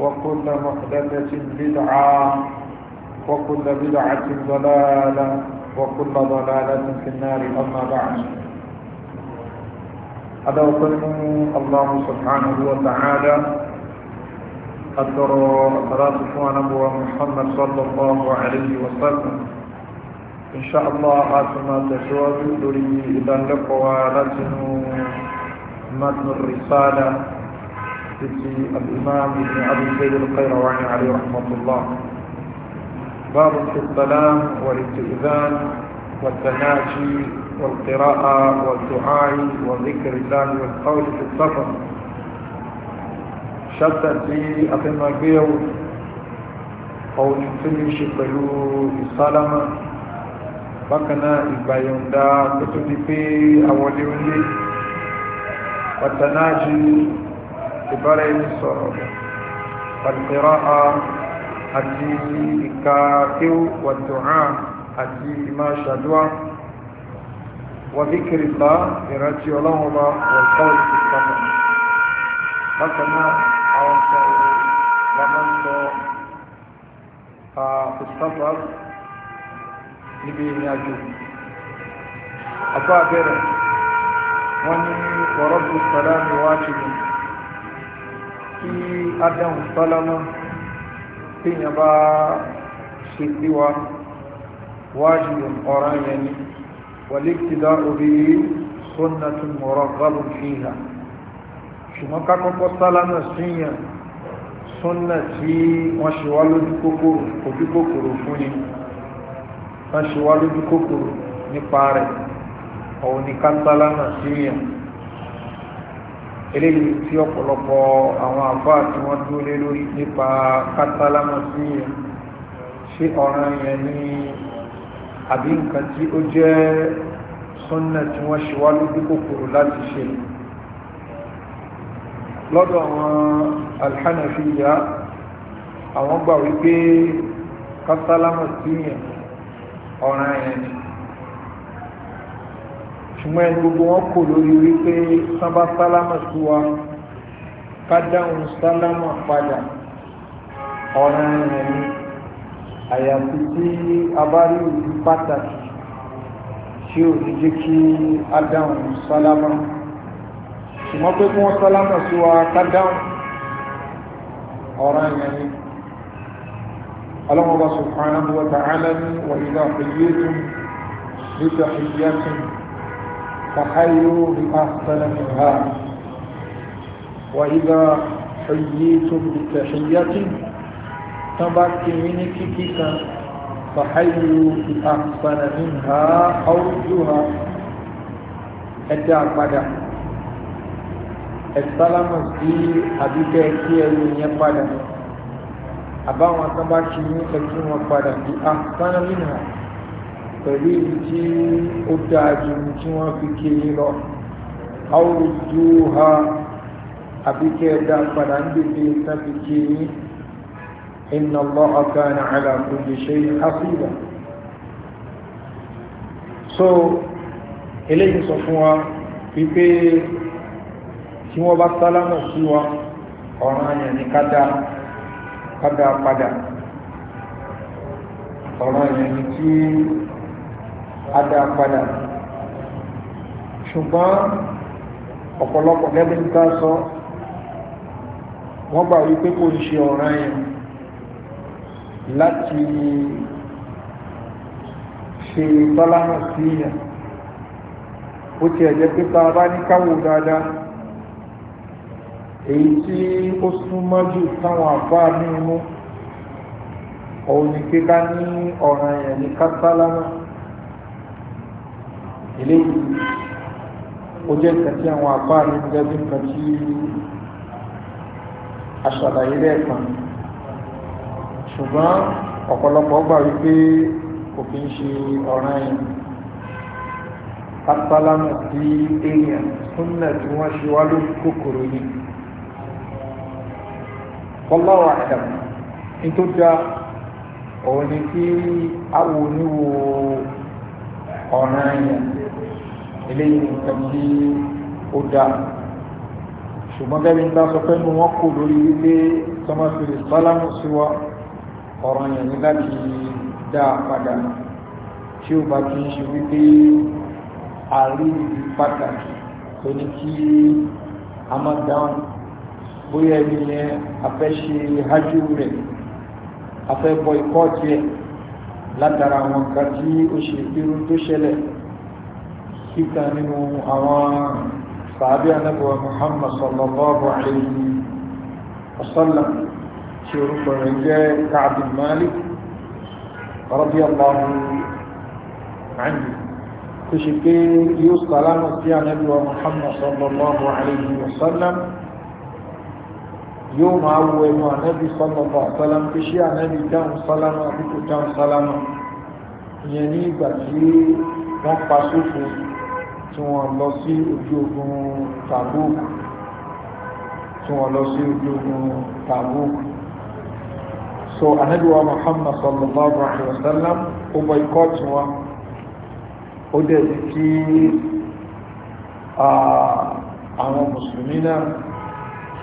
وكل محدثة بدعة وكل بدعة ضلالة وكل ضلالة في النار أما بعد هذا وكل الله سبحانه وتعالى قدر صلاة نبوة محمد صلى الله عليه وسلم إن شاء الله آتما تشوف لري إذا لقوا لتنو متن الرسالة في الإمام ابن أبي زيد القيرواني عليه رحمة الله باب في السلام والاستئذان والتناجي والقراءة والدعاء وذكر الله والقول في السفر شدت في أقمة بيو أو نفلش pẹ̀lú السلامة بكنا البيان دا tó في أولي àwọlé onílé ìbára ẹni sọ̀rọ̀ àtìkẹ́ráà àti ìkàkéwò wàdùnà àti ìmá ṣàdúwà wàbíkìrìlá ìrántí ọlọ́wọ́ba wọ̀lkọ́ ìpàdà bákaná àwọn sọ̀rọ̀ lámọ́sọ àpùsọ́fà níbi ìrìnàjò àbá abẹ́rẹ̀ wọ́n ní wọ̀rọ̀bù sọ̀rọ̀ ni wájú mi adam salama tíyàn bá ṣe bí wa wájibun ọ̀ràn yẹn ni wàlíkìdá orí sunnatun muraghabun fiha ṣùgbọ́n kákọ́kọ́ salama síyàn súnnà tí wọ́n ṣe wá lójú kòkòrò fún ni wọ́n ṣe wá lójú kòkòrò nípa rẹ̀ ọ̀hún ni ká sálámà síyàn eléyìí tí ọ̀pọ̀lọpọ̀ àwọn àfáà tí wọ́n dúró lé lórí nípa kátálámọ̀ sí yẹn ṣé ọ̀ràn yẹn ní àbí nǹkan tí ó jẹ́ súnnà tí wọ́n ṣe wá lójú kòkòrò láti ṣe lọ́dọ̀ àwọn alhànàfíyà àwọn gbà wípé kátálámọ̀ sí yẹn ọ̀ràn yẹn ni ṣùgbọ́n ẹni gbogbo wọn kò lórí wípé sábà sálámà sí wa ká dáhùn sálámà padà ọ̀ràn rẹ̀ ni àyàfi tí a bá rí òbí pàtàkì tí ò ní jẹ́ kí a dáhùn sálámà ṣùgbọ́n pé kí wọ́n sálámà sí wa ká dáhùn ọ̀ràn rẹ̀ ni ọlọ́mọba subhanahu wa ta'ala ni wa idha فحيوا بأحسن منها وإذا حييتم بتحية تبكي منك كيكا فحيوا بأحسن منها أو جوها، ردوها أتعقد السلام عليكم أبيك أكيد من أبا àbáwọn tán bá ṣe ní ẹkí pẹ̀lú ibi tí ó dáa jù tí wọ́n fi kiri lọ àwùjọ ha àbíkẹ́ dá padà ń bèbè tán kiri inna allaha kana ala kulli shay'in so eléyìí sọ fún wa wípé tí wọ́n bá sálámọ̀ sí wa ọ̀ràn àyàn ní kádà padà ọ̀ràn àyàn ní tí adápadà ṣùgbọ́n ọ̀pọ̀lọpọ̀ gẹ́gẹ́ bí ká sọ wọ́n gbà wípé kò ń ṣe ọ̀ràn yẹn láti ṣe tọ́lánà sí yẹn ó ti ẹ̀jẹ̀ pé ta bá ní káwò dáadáa èyí tí ó súnmọ́ jù táwọn àfáà ní inú òun ni kíká ní ọ̀ràn yẹn ní kátálámà eléyìí ó jẹ́ nǹkan tí àwọn apá ní gẹ́gẹ́ bí nǹkan tí aṣàlàyé lẹ́ẹ̀kan ṣùgbọ́n ọ̀pọ̀lọpọ̀ gbà wípé kò kí ń ṣe ọ̀ràn yìí pátálámù sí èèyàn súnmọ̀ tí wọ́n ṣe wá lórí kòkòrò yìí fọláwà àdàmù nítorí òun ni kí àwọn oníwòó ọ̀ràn ẹ̀yà eléyìí nǹkan tí ó dá ṣùgbọ́n gẹ́gẹ́ bí n ta sọ pé nu wọn kò lórí wípé tọ́mọ fèrè sálámù sí wa ọ̀ràn ẹ̀yà ní láti dá padà tí ó bá kí n ṣe wípé àríyìn pàtàkì tó ní kí a máa dáhùn bóyá ẹni yẹn afẹ́ ṣe hájú rẹ̀ afẹ́ bọ ikọ́ tiẹ̀ látara àwọn nǹkan tí ó ṣe irun tó ṣẹlẹ̀ kíkà nínú àwọn sàábí anábọ̀ muhammad sallallahu alayhi wa sallam tí orúkọ rẹ̀ jẹ́ káàbì malik radiyallahu anhu tó ṣe pé yóò sàlámù sí anábọ̀ muhammad sallallahu alayhi wa yóò máa wo ẹnu ànábì sọ́lọ́mọ àtọ́lámù pé ṣé ànábì dáhùn sálámù àbíkò dáhùn sálámù ìyẹn ní ìgbà tí wọ́n pa sófin tí wọ́n lọ sí ojú ogun Tabuk tí wọ́n lọ sí ojú ogun Tabuk so ànábì wa Muhammad sallallahu alaihi wa sallam ó bọ ikọ́ tí wọ́n ó dẹ̀ sí kí àwọn mùsùlùmí náà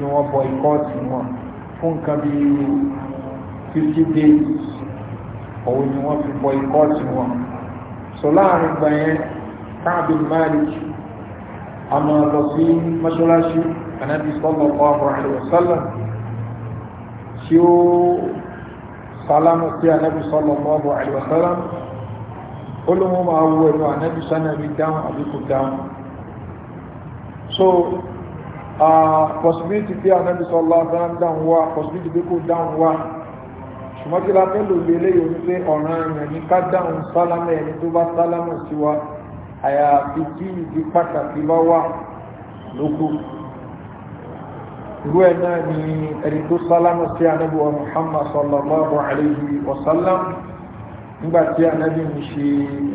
tí wọ́n bọ ikọ́ tí wọ́n fún nǹkan bí fifty days òun ni wọ́n fi bọ ikọ́ tí wọ́n so láàrin gbà yẹn káàbí Malik a máa lọ sí mọ́ṣáláṣí anábì sallallahu alaihi wasallam tí ó sálámù sí anábì sallallahu alaihi wasallam olóhun máa wo ẹnu anábì sánàbí dáhùn àbíkú dáhùn so possibility pé anabi sọlá dáhùn dáhùn wá possibility pé kò dáhùn wá ṣùgbọ́n kí la fẹ́ lò lé léyìí oní pé ọ̀ràn èèyàn ní ká dáhùn sálámà ẹni tó bá sálámà sí wa àyàfi tí ìdí pàtàkì bá wà lóko irú ẹ̀ ni ẹni tó sálámà sí anabi wa muhammad sallallahu alayhi wa sallam nígbà tí anabi ń ṣe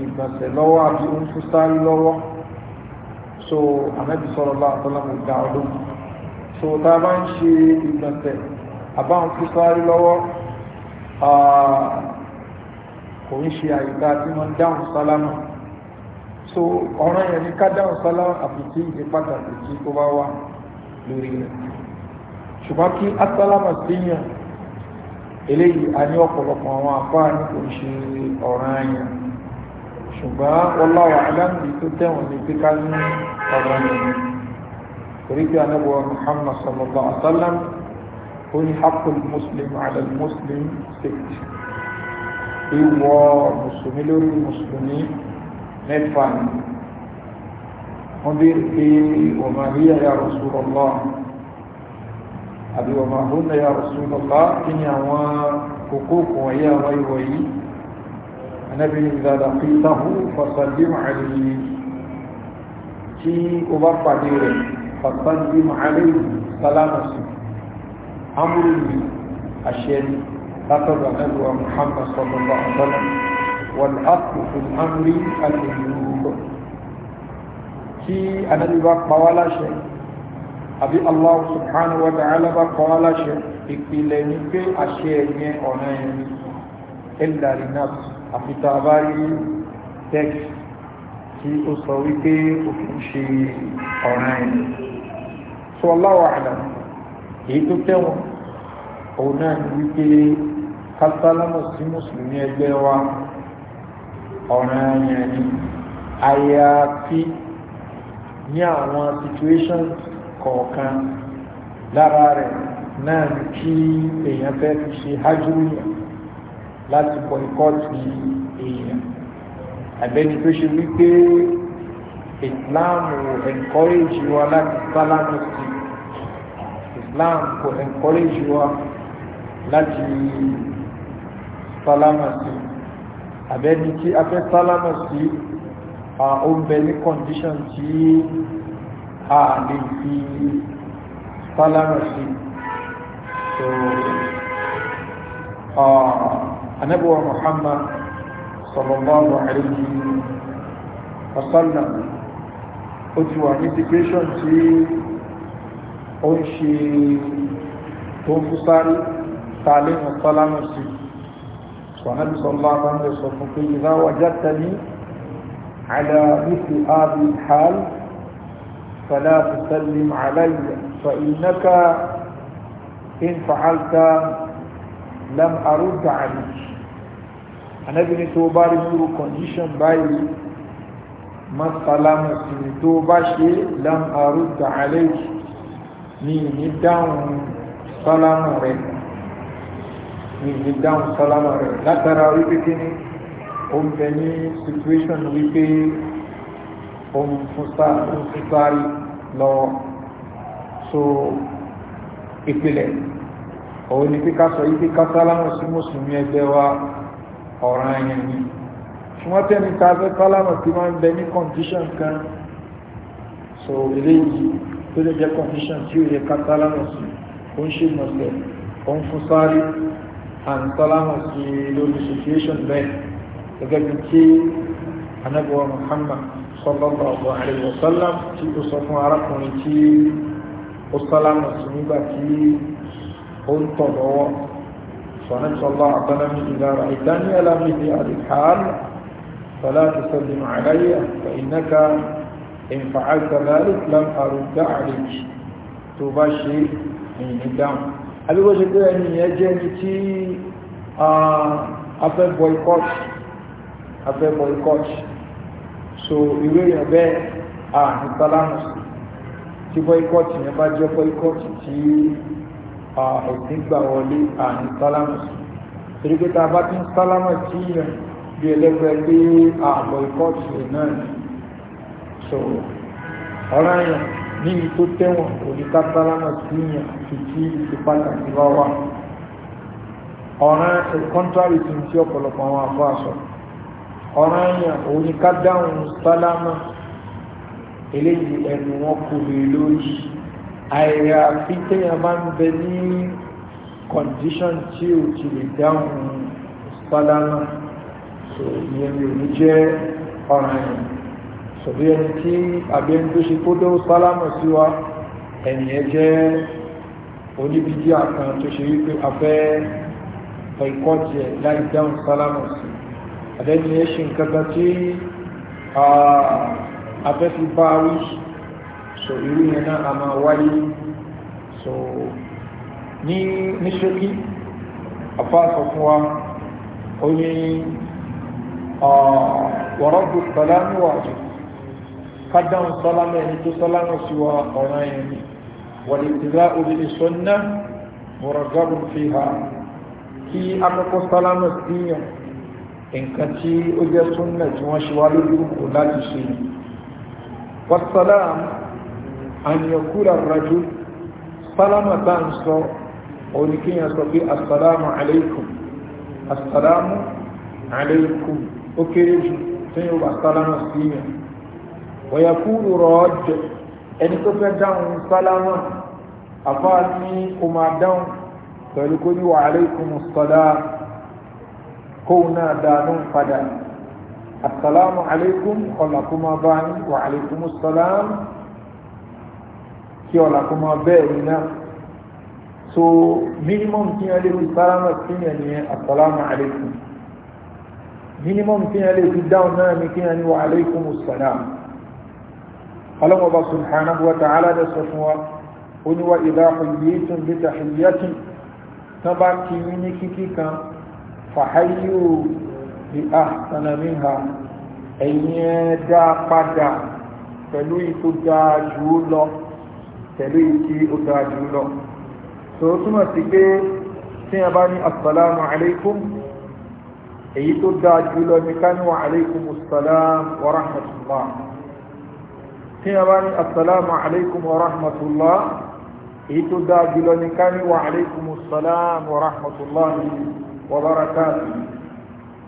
ìgbọ̀nsẹ̀ lọ́wọ́ àbí ń sáré lọ́wọ́ so anabi sallallahu alaihi wasallam dá ọdún so tá a bá ń ṣe ìgbọ̀nsẹ̀ àbáwọn tó sáré lọ́wọ́ kò ń ṣe àyíká tí wọ́n dáhùn sálámà so ọ̀ràn yẹn ní ká dáhùn sálámà àfi tí ìdí pàtàkì tí ó bá wà lórí rẹ̀ ṣùgbọ́n kí asálámà síyàn eléyìí a ní ọ̀pọ̀lọpọ̀ àwọn àfáà ní kò ń ṣe ọ̀ràn yẹn ṣùgbọ́n wọ́n láwọ̀ aláǹdì tó tẹ̀wọ̀n ní pé ká ní ọ̀rọ̀mí oríkì anábọ̀ muhammad sallallahu alaihi wasallam ó ní haqqul muslim ala muslim state ìwọ mùsùlùmí lórí mùsùlùmí mẹ́fà ni wọ́n bí i wa ma hiya ya rasulullah àbí wa ma hunna ya rasulullah kí ni àwọn kòkòkò ẹ̀yà wáyíwáyí anábìnrin ìdàdàkítàhù fasallim alayhi tí o bá pàdé rẹ̀ pàtàkì bí màálù sálámù sí amúrú mi àṣẹ látọ̀dọ̀ ẹgbẹ̀rún muhammad sallallahu alaihi wa sallam wọn àpò fún amúrí alìyúrúgbọ̀ kí anábì bá pa wá láṣẹ àbí allah subhanahu wa ta'ala bá pa wá láṣẹ ìpìlẹ̀ ní pé àṣẹ ẹ̀yẹ ọ̀nà ẹ̀yẹ ẹ̀dàrí àfitàbárí tẹ́kì tí ó sọ wípé òfin ṣe ọ̀ràn ẹ̀ tó ọláwà àdá èyí tó tẹ̀wọ̀n òun náà ni wípé kásálámù sí mùsùlùmí ẹgbẹ́ wa ọ̀ràn ẹ̀ ni àyàfi ní àwọn situations kọ̀ọ̀kan lára rẹ̀ náà ni kí èèyàn fẹ́ fi ṣe hájú láti boycott èèyàn àbẹ́ni tó ṣe wípé ìsìláàmù encourage wa láti sálámù sí islam kò encourage wa láti sálámù sí àbẹ́ni tí a fẹ́ sálámù sí ó ń bẹ ní condition tí a lè fi sálámù sí so uh, anabuwa muhammad صلى الله عليه وسلم ó ti wà ní situation tí ó ń ṣe tó ń fún sáré tààlé mọ̀sálámù sí sọ̀hánì sọ̀lá bá sọ fún pé ìdá wàjá tẹ̀lé على مثل هذه الحال فلا تسلم علي فإنك إن فعلت لم أرد عليك anábì ní tó bá rí dúró condition báyìí má sálámù sí ni tó bá ṣe lam arúgbà àlejò ní ni dáhùn sálámù rẹ̀ ní ìní dáhùn sálámù rẹ̀ látara wípé kí ni ń bẹ ní situation wípé ó ń fún sáré lọ́wọ́ so ìpìlẹ̀ òun ni pé ká sọ yí pé ká sálámù sí mùsùlùmí ẹgbẹ́ wa ọ̀ràn ayẹn ni ṣùgbọ́n tẹ́ni ta fẹ́ kálámà tí máa bẹ ní condition kan so eléyìí tó lè jẹ́ condition tí ó yẹ ká kálámà sí ó ń ṣe mọ̀sẹ̀ ó ń fún sáré and kálámà sí lórí situation bẹ́ẹ̀ gẹ́gẹ́ bí tí anábọ̀wá Muhammad sallallahu alaihi wa sallam tí ó sọ fún arákùnrin tí ó sálámà sí nígbà tí ó ń tọ̀ lọ́wọ́ فنبي صلى الله عليه وسلم إذا رأيتني على مثل هذه الحال فلا تسلم علي فإنك إن فعلت ذلك لم أرد عليك تباشي من الدم alúgbọ́sí pé ẹni yẹn jẹ́ ní tí afẹ́ boycott afẹ́ boycott so ìwé yẹn bẹ́ẹ̀ à ní boycott yẹn bá jẹ́ boycott tí ẹ̀sìn gbà wọlé àní sálámà torí pé tá a bá ti ń sálámà tí yẹn bí ẹlẹ́gbẹ́ pé ààbọ̀ ìkọ́ọ̀tù náà so ọ̀rọ̀ yẹn ní ibi tó tẹ̀wọ̀n òníká sálámà tí yẹn àti tí ìfipáyàtì bá wà ọ̀rọ̀ kọ́ńtárì tí ń tí ọ̀pọ̀lọpọ̀ àwọn àbọ̀ àṣọ ọ̀rọ̀ yẹn òníká dáhùn sálámà eléyìí ẹnu wọn kò lè lórí àyàfi téèyàn bá ń bẹ ní condition tí ò ti lè dáhùn sálámà so ìyẹn mi ò ní jẹ́ ọ̀ràn yìí sọ̀bí ẹni tí àbí ẹni tó ṣe kó dé sálámà sí wa ẹ̀nìyẹn jẹ́ oníbíjí àkàn tó ṣe wípé afẹ́ ẹ̀kọ́ tiẹ̀ láì dáhùn sálámà sí àdẹ́niyẹn ṣe nǹkan kan tí afẹ́ ah, fi bá wíṣì so irú yẹn náà a máa wáyé so ní ní ṣókí àfáàsọ fún wa ó ní wọ̀rọ̀bù sàlámù wà jù ká dáhùn sàlámù ẹni tó sàlámù sí wa ọ̀ràn yẹn ni والاقتداء بالسنة مرغب فيها كي أكو سلام الدين إن كتي أجا سنة وشوال الدين والسلام àníyànkúrà rájú sálámà tá ń sọ oníkíyàn sọ pé assalamu alaikum assalamu alaikum ó kéré jù tí yóò bá sálámà sí yẹn wọ̀yàkúrò rọ́ọ̀jẹ̀ ẹni tó fẹ́ dáhùn sálámà àfáà ní o máa dáhùn pẹ̀lú kó ní wà alaikum salam kóun náà dáadọ́ padà assalamu alaikum ọ̀làkùnmá báyìí wà alaikum salam kí ọ̀la kó máa bẹ́ẹ̀ ni náà so minimum tí wọ́n lè fi sálámà sí yẹn ni assalamu alaikum minimum tí wọ́n lè fi dáhùn náà ni kí wọ́n ní wa alaikum salam ọlọ́mọba subhanahu wa ta'ala dẹ̀ sọ fún wa ó ní wa idha huyyitum bi tahiyyatin tán bá kí yín ní kíkí kan fàáyù bí ahsana minha ẹ̀yin ẹ̀ dá padà pẹ̀lú ipò dáa jù ú lọ pẹ̀lú ìtí ó dáa jù lọ so túmọ̀ sí pé tí a bá ní assalamu alaikum èyí tó dáa jù lọ ní ká ní wa alaikum assalam wa rahmatullah tí a bá èyí tó dáa jù lọ ní ká ní wa alaikum assalam wa rahmatullah wa barakatuh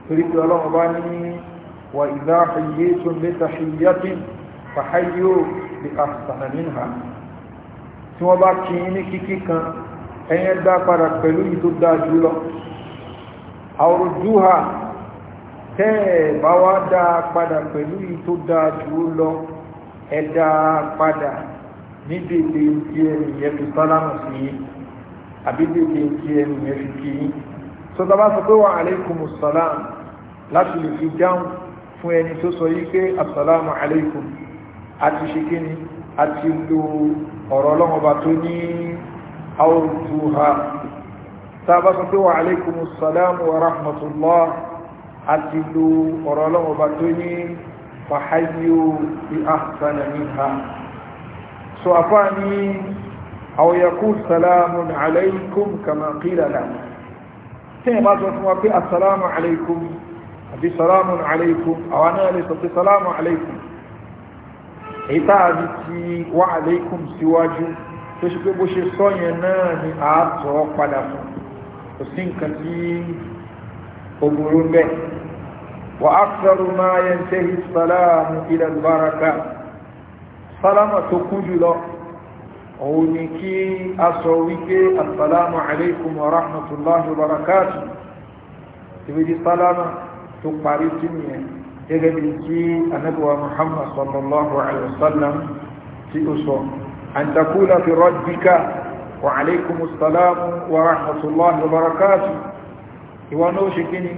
torí bá ní wa idha hayyitum bi tahiyyatin fahayyu bi ahsana minha tí wọ́n bá kí ní kíkí kan ẹ̀yẹn dá padà pẹ̀lú yìí tó dáa jù lọ àwòrùdúhà tẹ́ ẹ̀ bá wá dá padà pẹ̀lú yìí tó dáa jù lọ ẹ̀ dá padà ní dèdè tí ẹni yẹn sálámù sí yìí àbí dèdè tí ẹni yẹn kí yìí sọ́dọ̀ bá sọ pé wà aleikum salam láti lè fi dáhùn fún ẹni tó sọ yìí pé asalamu aleikum àti ṣe kí ni àti lo ọ̀rọ̀ ọlọ́mọba tó ní àwòrùtúha tàbá sọ pé wà aléìkùnmù sàlámù wa rahmatullah àti lo ọ̀rọ̀ ọlọ́mọba tó ní fàhayíò bí ahsana minha so afá ní àwòyàkú sàlámù aláìkùn kama qila la tí ẹ bá sọ fún wa pé asàlámù aláìkùn àbí sàlámù aláìkùn àwọn náà lè sọ pé sàlámù aláìkùn èyí táàrí ti wá àlékún síwájú tó ṣe pé bó ṣe sọ yẹn náà ni àátọ́ padà fún kò sí nǹkan tí òmùrú bẹ́ẹ̀ wà á fẹ́rù máa yẹn tẹ́hì sàlámù ilẹ̀ baraka sálámà tó kú jùlọ òun ni kí a sọ wípé assalamu alaikum wa rahmatullahi wa barakatuh ìbí di sálámà tó parí sí nìyẹn gẹ́gẹ́ bí kí anábíwa muhammad sallallahu alaihi wasallam tí ó sọ an takula fi rabbika wa alaikumus salam wa rahmatullahi wa barakatuh ìwọ náà ṣe kíni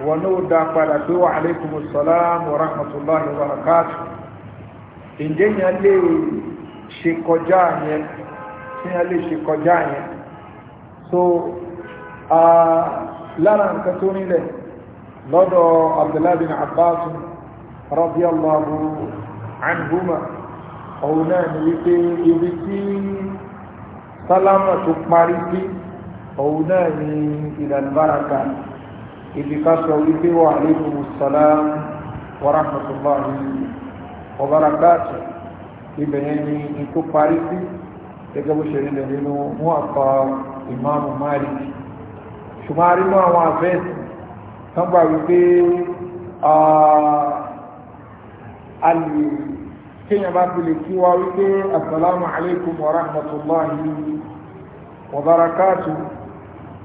ìwọ náà dá padà pé wa alaikumus salam wa rahmatullahi wa barakatuh ǹjẹ́ yẹn lè ṣe lè ṣe kọjá yẹn so lára nǹkan tó nílẹ̀ lọ́dọ̀ abdullahi bin abbas radiyallahu anhuma òun náà ni wípé ibi tí sálámà tó parí sí òun náà ni ìdàlbáraka ibi ká sọ wípé wa alaykum assalam wa rahmatullahi wa barakatuh ibẹ̀ yẹn ni ikú parí sí gẹ́gẹ́ bó ṣe rí nínú mú àpá ìmáàmù Malik ṣùgbọ́n a àwọn àfẹ́sì kan gbà wípé alì kíyàn bá fi lè kí wá wípé assalamu alaikum wa rahmatullahi wa barakatu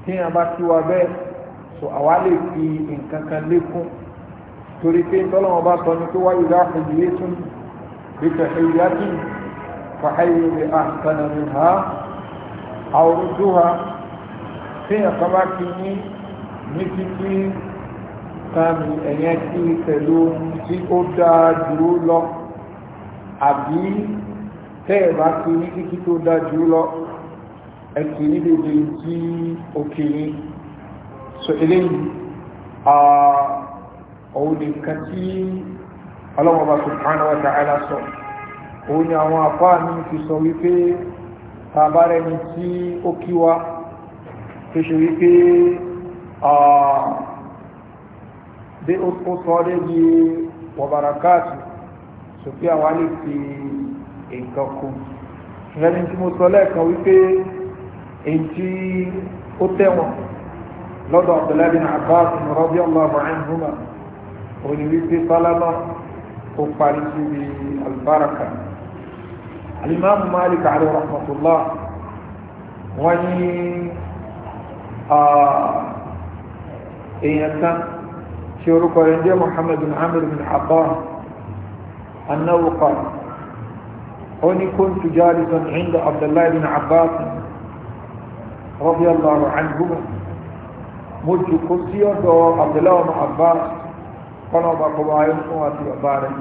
kíyàn bá kí wá bẹ́ẹ̀ so àwa lè fi nǹkan lékún torí pé tọ́lọ́wọ́n bá sọ ní pé wáyé láàfin ilé tún bí tẹ̀síyá kí fàáyé bí ahsana minha aw rudduha kíyàn kan bá kí ní ní títí tàbí ẹ̀yẹn kí pẹ̀lú ohun tí ó dáa jù ú lọ àbí tẹ́ẹ̀bá kí ní kíkí tó dáa jù ú lọ ẹ̀kì ní dédé tí ó kì ní so eléyìí òun nìkan tí ọlọ́wọ́ba subhanahu wa ta'ala sọ òun ni àwọn àfáà ní fi sọ wípé tàbárẹni tí ó kíwá tó ṣe wípé bí ó kó sọ débi wọ̀bàràkáàtù sòfí àwọn alẹ́ fi nǹkan kú ìrẹ́ni tí mo sọ lẹ́ẹ̀kan wípé èyí tí ó tẹ̀wọ̀n lọ́dọ̀ Abdullahi bin Abbas radiyallahu anhuma òní wípé sálámà ó parí síbi albaraka alimami Malik alayhi rahmatullah wọ́n ní ah, èèyàn kan tí orúkọ rẹ̀ jẹ́ Muhammad bin Amir bin Haqqan annahu qala ó ní kuntu jalisan inda Abdullahi bin Abbas radiyallahu anhuma mo jùkú sí ọ̀dọ̀ Abdullahi bin Abbas kọ́nà ọba kọba ayé fún àti bàbá rẹ̀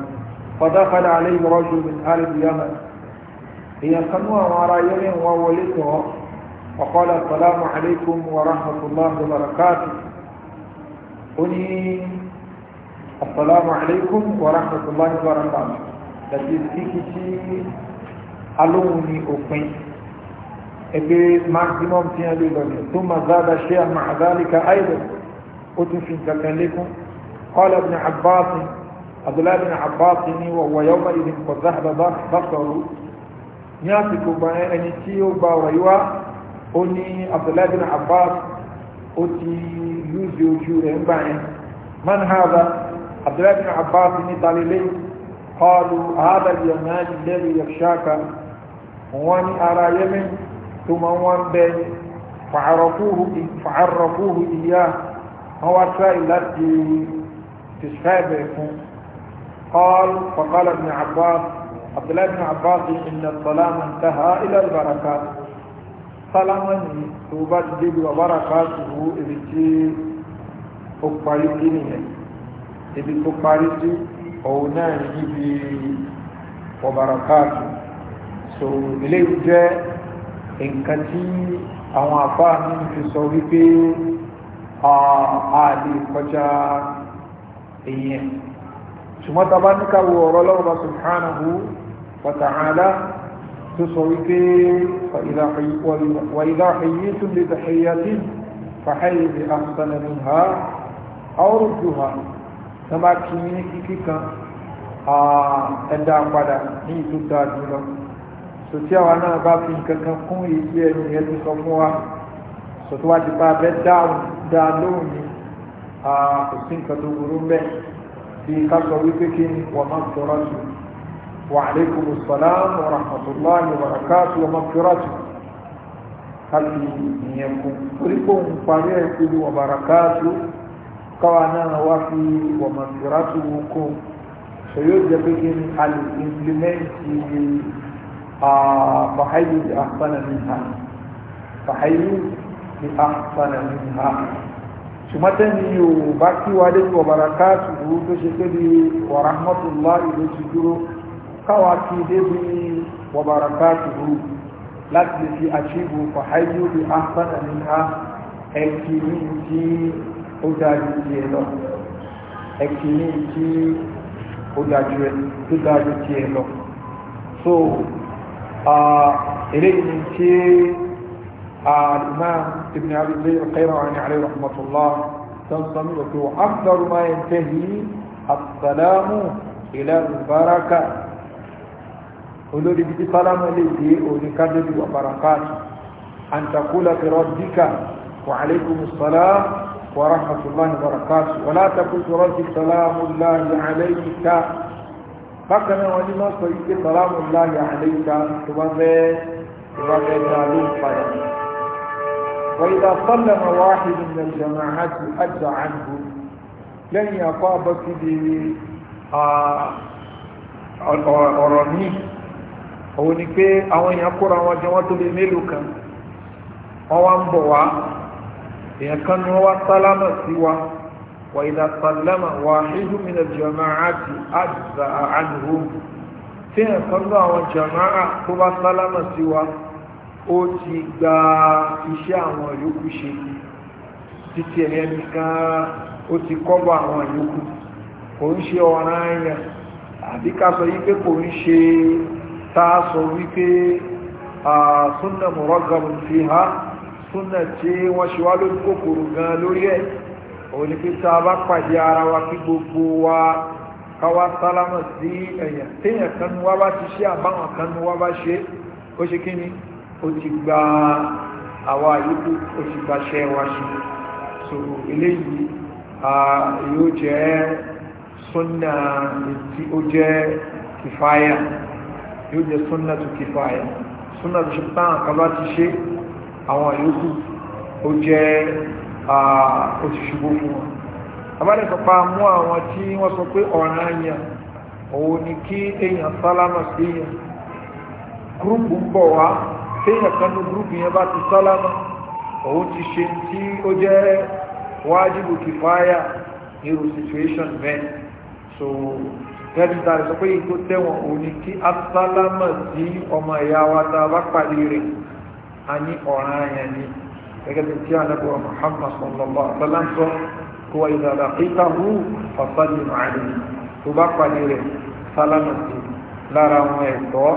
fadakhala alayhi rajul min ali Yaman èèyàn kan àwọn ará Yemen wọn wọlé tọ́ wa qala alaykum wa rahmatullahi wa barakatuh oni assalamu alaikum wa rahmatullahi wa barakatuh láti síkí tí alóhun ni òpin ẹgbẹ́ maximum tí a lè lọ́nà tó ma záda ṣe a ma àzálika àìdẹ̀ ó tún fi kankan lékún قال ابن عباس yúzi ojú rẹ̀ ń gbà yẹn man haza abdullahi bin abbas ní talilé kọlu ahada yamani lẹ́rù yafshaka wọn ni ara yemen tó ma wọn bẹ fàárọ̀fúhù ìyá wọn wá tíráì láti describe ẹ̀ fún قال فقال ابن عباس عبد الله بن عباس ان الظلام انتهى الى البركات سلاما توبت وبركاته التي ó parí kí nìyẹn ibi tó parí sí òun náà níbi ọ̀bàràkáàtù so ilé jẹ́ nǹkan tí àwọn àfáà ní fi sọ wípé ààlè kọjá èèyàn ṣùgbọ́n tàbá ní káwọ ọ̀rọ̀ lọ́wọ́ subhanahu wa ta'ala tó sọ wípé wa idha hayyitum bi tahiyyatin fa hayyu bi ahsana minha àwọn òjòhà tó bá kí ní kíkí kan ẹ̀dà padà ní ìlú dáadé lọ so tí àwọn náà bá fi kankan kún ìdí ẹni yẹn ti sọ fún wa so tó wá ti bá abẹ́ dá lóhùn ni kò sí nǹkan tó burú mbẹ́ bí ká sọ wípé kí ni wọ́n máa tọ́ra jù wa alaikum assalam wa rahmatullahi wa barakatuh wa maghfiratuh káfí ìyẹn kún torí pé òun parí ẹ̀ pẹ̀lú wa barakatuh káwa náà wá fi wọ̀mọ̀tìrá tó wù kó ṣe yóò jẹ́ pé kí ni a lè implimẹ́ǹtì fàáyù bí àpánà ní ha fàáyù bí àpánà ní ha ṣùgbọ́n tẹ́ni yóò bá kí wa dé wọ̀ bàràká tùrú tó ṣe pé bí wàràmọ́tòlá ti dúró káwa kí dé bí wọ̀ bàràká tùrú láti fi àṣíbù fàáyù bí àpánà ní ha ẹ̀kì ní ti ó dájú tí ẹ lọ ẹ̀kíní tí ó dájú ẹ tó dájú tí ẹ lọ so eléyìí tí الإمام ابن أبي زيد القيرواني عليه رحمة الله تنصمت وأفضل ما ينتهي السلام إلى البركة olórí bíi sálámù lè dé oníkájọ́bí wà bàràkàtù àǹtakúlà fẹ́rọ̀ díkà wà aléìkùmù ورحمة الله وبركاته ولا تكن ترد سلام الله عليك فكما ولما صيد سلام الله عليك تبغي تبغي تعلم قدم وإذا سلم واحد من الجماعات أدى عنه لن يقابك ọ̀rọ̀ ní òun ni pé àwọn èèyàn kóra wọn jẹ èèyàn هو ní wọ́n sálámà sí wa wà ìdá sálámà wà áhíjú min al-jama'ati àjùzà anhum tí èèyàn kan ní àwọn jama'a tó bá sálámà sí wa ó gba iṣẹ́ àwọn yòókù ṣe títí ẹ̀yẹ nìkan ó ti kọ́bọ̀ àwọn yòókù kò ń ṣe ọ̀ràn ayàn àbí ká sọ yí kò ń ṣe tá a sọ wípé sunna muraghabun súnà tí wọ́n ṣe wá lójú kòkòrò gan lórí ẹ̀ òun ni pé tá a bá pàdé ara wa kí gbogbo wa káwá sálámà sí ẹ̀yàn téèyàn kan nu wá bá ti ṣe àbáwọn kan nu wá bá ṣe ó ṣe kí ni ó ti gba àwa yìí ó ti gba ṣẹ́ wa ṣe so eléyìí yóò jẹ́ súnà tí ó jẹ́ kìfáyà yóò jẹ́ súnà tó kìfáyà súnà tó ṣe tán àkàbá ti ṣe àwọn yòókù ó jẹ́ òṣìṣùgbò fún wọn abádẹ́sọpá mú àwọn tí wọ́n sọ pé ọ̀ràn àyàn òun ni kí èèyàn sálámà sí èèyàn gúrùpù ń bọ̀ wá téèyàn kan ní gúrùpù yẹn bá ti sálámà òun ti ṣe tí ó jẹ́ wájìbù kìfáyà nírú situation bẹ́ẹ̀ so tẹ́lifíta rẹ̀ sọ pé ìkó tẹ́wọ̀n òun ni kí asálámà sí ọmọ ìyá wa tá a bá pàdé rẹ̀ a ní ọ̀ràn yẹn ni gẹ́gẹ́ bí tí anábọ̀ Muhammad sallallahu alaihi wa sallam sọ kó wa idha laqitahu fasallim alayhi tó bá pàdé rẹ̀ sálámà sí lára àwọn ẹ̀tọ́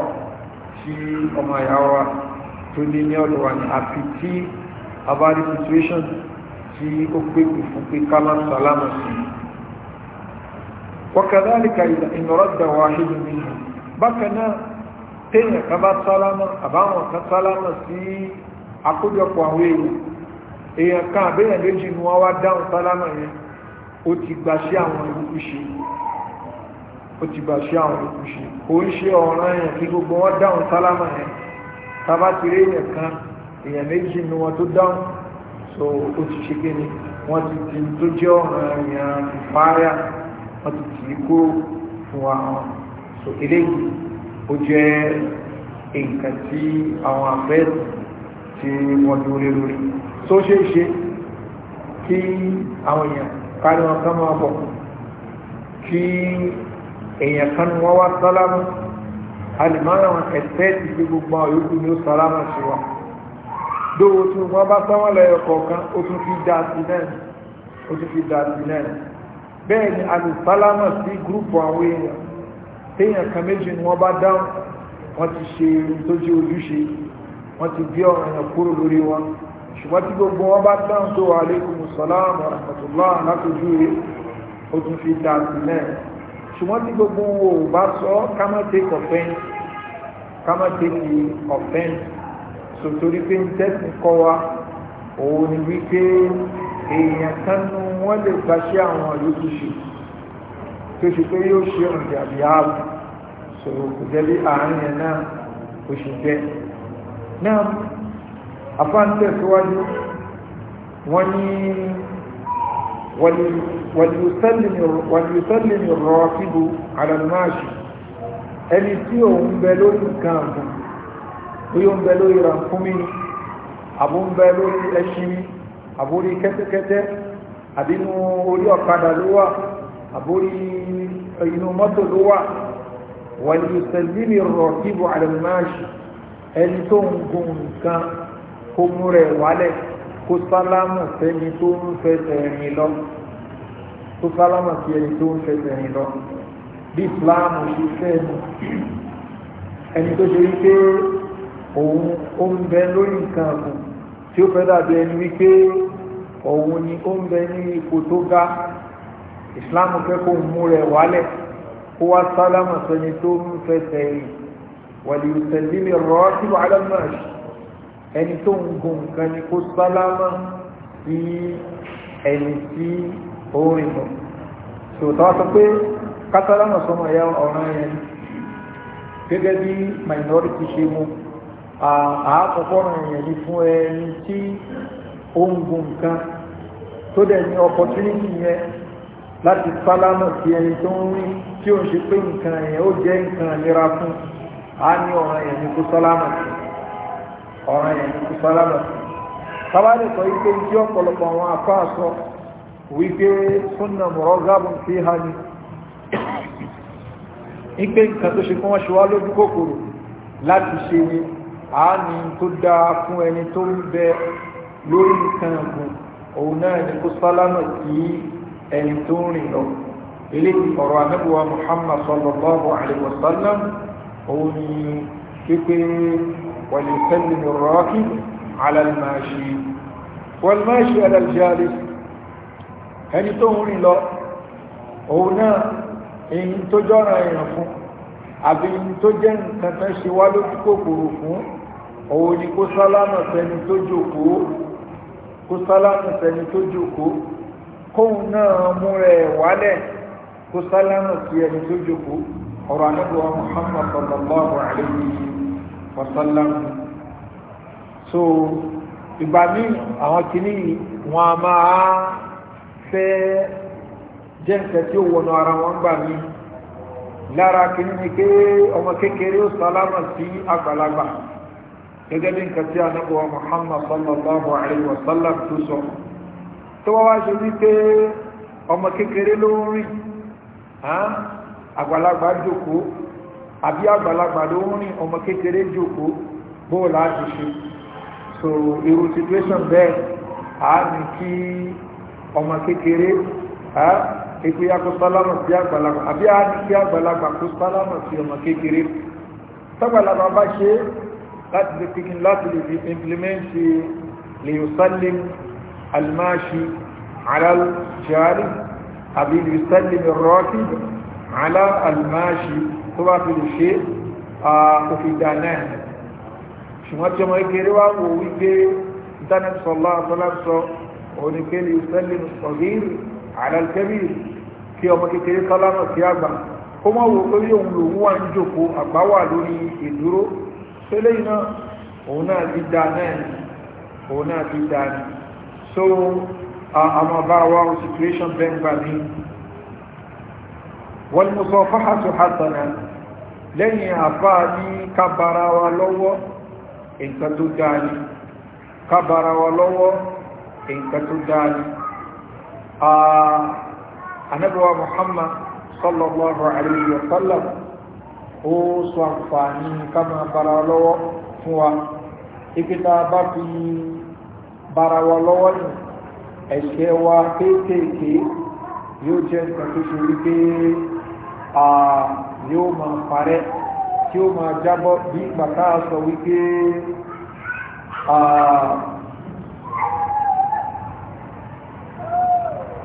tí ọmọ ìyá wa tó ní ní ọ̀dọ̀ wa ní situation tí ó pépè fún pé kálá sálámà sí wa kadhalika idha in radda wahidun minhum téèyàn kan bá sálámà àbáwọn kan sálámà sí àkójọpọ̀ àwọn èèyàn èèyàn kan àbẹ́yàn méjì ni wọ́n wá dáhùn sálámà yẹn ó ti gbà sí àwọn ìlú ṣe ó ti gbà sí àwọn ìlú ṣe ó ń ṣe ọ̀ràn yẹn kí gbogbo wọn dáhùn sálámà yẹn tábà ti rí èèyàn kan èèyàn méjì ni wọn tó dáhùn so ó ti ṣe kéde wọ́n ti ti tó jẹ́ ọ̀ràn èèyàn ìfáyà wọ́n ti tì í kó fún wa so eléyìí ó jẹ́ nǹkan tí àwọn afẹ́ tí wọ́n dúró lórí tó ṣe é ṣe kí àwọn èèyàn kárí wọn kan máa bọ̀ kí èèyàn kan wọ́n wá sálámù alìmọ́ra wọn ẹ̀sẹ́ ti gbé gbogbo àwọn yòókù ní ó sálámù sí wa dóò tí wọ́n bá sáwọn lẹ́yọ kọ̀ọ̀kan ó tún fi dá sí náà ó tún fi dá sí náà bẹ́ẹ̀ ni alìsálámù sí gúrùpù àwọn èèyàn téèyàn kan méjì ni wọ́n bá dáhùn wọ́n ti ṣe ìtọ́jú ojúṣe wọ́n ti gbé ọ̀ràn yẹn kúrò lórí wọn ṣùgbọ́n tí gbogbo wọn bá dáhùn tó wà aleikum salam wa rahmatullah látòjú rẹ̀ ó tún fi dà sí náà ṣùgbọ́n tí gbogbo wọn ò bá sọ ká má take offence ká má take offence sòtòrí pé ń tẹ́sí kọ́ wa òun ni wípé èèyàn kan nu wọ́n lè gbaṣẹ́ àwọn yòókù tó ṣe pé yóò ṣe ọ̀dẹ̀ àbí ààbò sọ̀rọ̀ kò jẹ́ bí àárín ẹ̀ náà kò ṣe jẹ́ náà afáǹtẹ̀ síwájú wọ́n ní wàlúùsẹ́lìmì rọ̀ọ́kíbu àdàmáṣì ẹni tí òun bẹ lórí nǹkan àbò bóyá ń bẹ lórí ràǹkúmí àbò ń bẹ lórí ẹṣin àbórí kẹ́tẹ́kẹ́tẹ́ àbínú orí ọ̀kadà ló wà àbórí inú mọ́tò ló wà wàlí ìsẹ̀lílì rọ̀kíbù àlùmáàṣì ẹni tó ń gun nǹkan kó mú rẹ̀ wálẹ̀ kó sálámù sẹ́ni tó ń fẹsẹ̀ rìn lọ kó sálámù sí ẹni tó ń fẹsẹ̀ rìn lọ bí islam ṣe fẹ́ ẹni tó ṣe wípé òun ó ń bẹ lórí nǹkan ọ̀gùn tí ó fẹ́ dàbí ẹni wípé òun ni ó ń bẹ ní ipò tó ga islam fẹ́ kó mú rẹ̀ wálẹ̀ kó wá sálámà sọni tó ń fẹsẹ̀ rìn wàlí ìsẹ̀lílẹ̀ rọ́ọ̀tì wàhálà náà ẹni tó ń gun nǹkan ni kó sálámà sí ẹni tí ó rìn lọ tòótọ́ sọ pé kásálámà sọmọ ẹ̀yà ọ̀ràn yẹn gẹ́gẹ́ bí minority ṣe mú àákọ́kọ́rùn èèyàn ní fún ẹni tí ó ń gun nǹkan tó dẹ̀ ní opportunity yẹn láti sálámù sí ẹni tó ń rí tí ó ń ṣe pé nǹkan yẹn ó jẹ́ nǹkan nira fún a ní ọ̀ràn yẹn ní kó sálámù sí ọ̀ràn yẹn ní kó sálámù sí. sábàdì sọ wípé tí ọ̀pọ̀lọpọ̀ àwọn afá sọ wípé súnà mọ̀rọ̀ gábùn sí ha ni ipe nǹkan tó ṣe kí wọ́n ṣe wá lójú kòkòrò láti ṣe ni àání tó dáa fún ẹni tó ń bẹ lórí nǹkan ọ̀gùn òun náà ní kó sálámù sí i ẹni tó rìn lọ eléyìí ọ̀rọ̀ anábùwà muhammad sallallahu alayhi wa sallam òun ni pípé wàlẹ̀ sẹ́lẹ̀ ní rọ́ọ̀kì alàlmáṣí wàlmáṣí alàljáde ẹni tó rìn lọ òun náà èyí tó jọ́ra èèyàn fún àbí tó jẹ́ nǹkan tán ṣe wá lójú kòkòrò fún òun ni kó sálámà sẹni tó jòkó kóhun náà mú rẹ̀ wálẹ̀ kó sálámù sí ẹni tó jókòó ọ̀rọ̀ anábíwá muhammad sallallahu alayhi wa sallam so ìgbà míì àwọn kìíní wọn a máa fẹ́ jẹ́ nǹkan tí ó wọnú ara wọn gbà míì lára kìíní ni pé ọmọ kékeré ó sálámù sí àgbàlagbà gẹ́gẹ́ bí nǹkan tí anábíwá muhammad sallallahu alayhi wa sallam tó sọ tó wá wá ṣe wípé ọmọ kékeré ló ń rìn àgbàlagbà jòkó àbí àgbàlagbà ló ń rìn ọmọ kékeré jòkó bóòlá ti ṣe so irú situation bẹ́ẹ̀ a ní kí ọmọ kékeré ìpé ya sí àgbàlagbà àbí a ní kí àgbàlagbà kó sálámà sí ọmọ kékeré tágbàlagbà bá ṣe láti lè pikin láti lè implement lè yóò sálẹ̀ الماشي على الجاري àbí ìsẹ́lẹ̀ rọ́ọ̀kì على الماشي tó bá fi lè ṣe òfìdá náà ṣùgbọ́n tí ọmọ ìkéré wá wò wípé ìtànẹ́tì sọ̀lá àtọ́lásọ oníkélé ìsẹ́lẹ̀ sọ̀gírí على الكبير kí ọmọ kékeré sálámà sí àgbà kó mọ́ wò pé yóò lòun wà ń jòkó àgbà wà lórí ìdúró tẹ́lẹ̀ iná òun náà ti dá náà òun náà ti dá náà so àmọ́ bá wá o situation bẹ́ẹ̀ gbà mí wọ́n mú sọ fáhàtù hasana lẹ́yìn àfá ní kábára wa lọ́wọ́ nǹkan tó dáa ní kábára wa lọ́wọ́ nǹkan tó dáa ní anábíwá muhammad sallallahu alayhi wa ó sọ àǹfààní kábára lọ́wọ́ fún wa ìpínlẹ̀ bá fi bara wa lọ́wọ́ ní ẹ̀ṣẹ̀ wa kéékèèké yóò jẹ́ nǹkan tó ṣe wípé yóò máa parẹ́ tí ó máa jábọ́ bí pàtà sọ wípé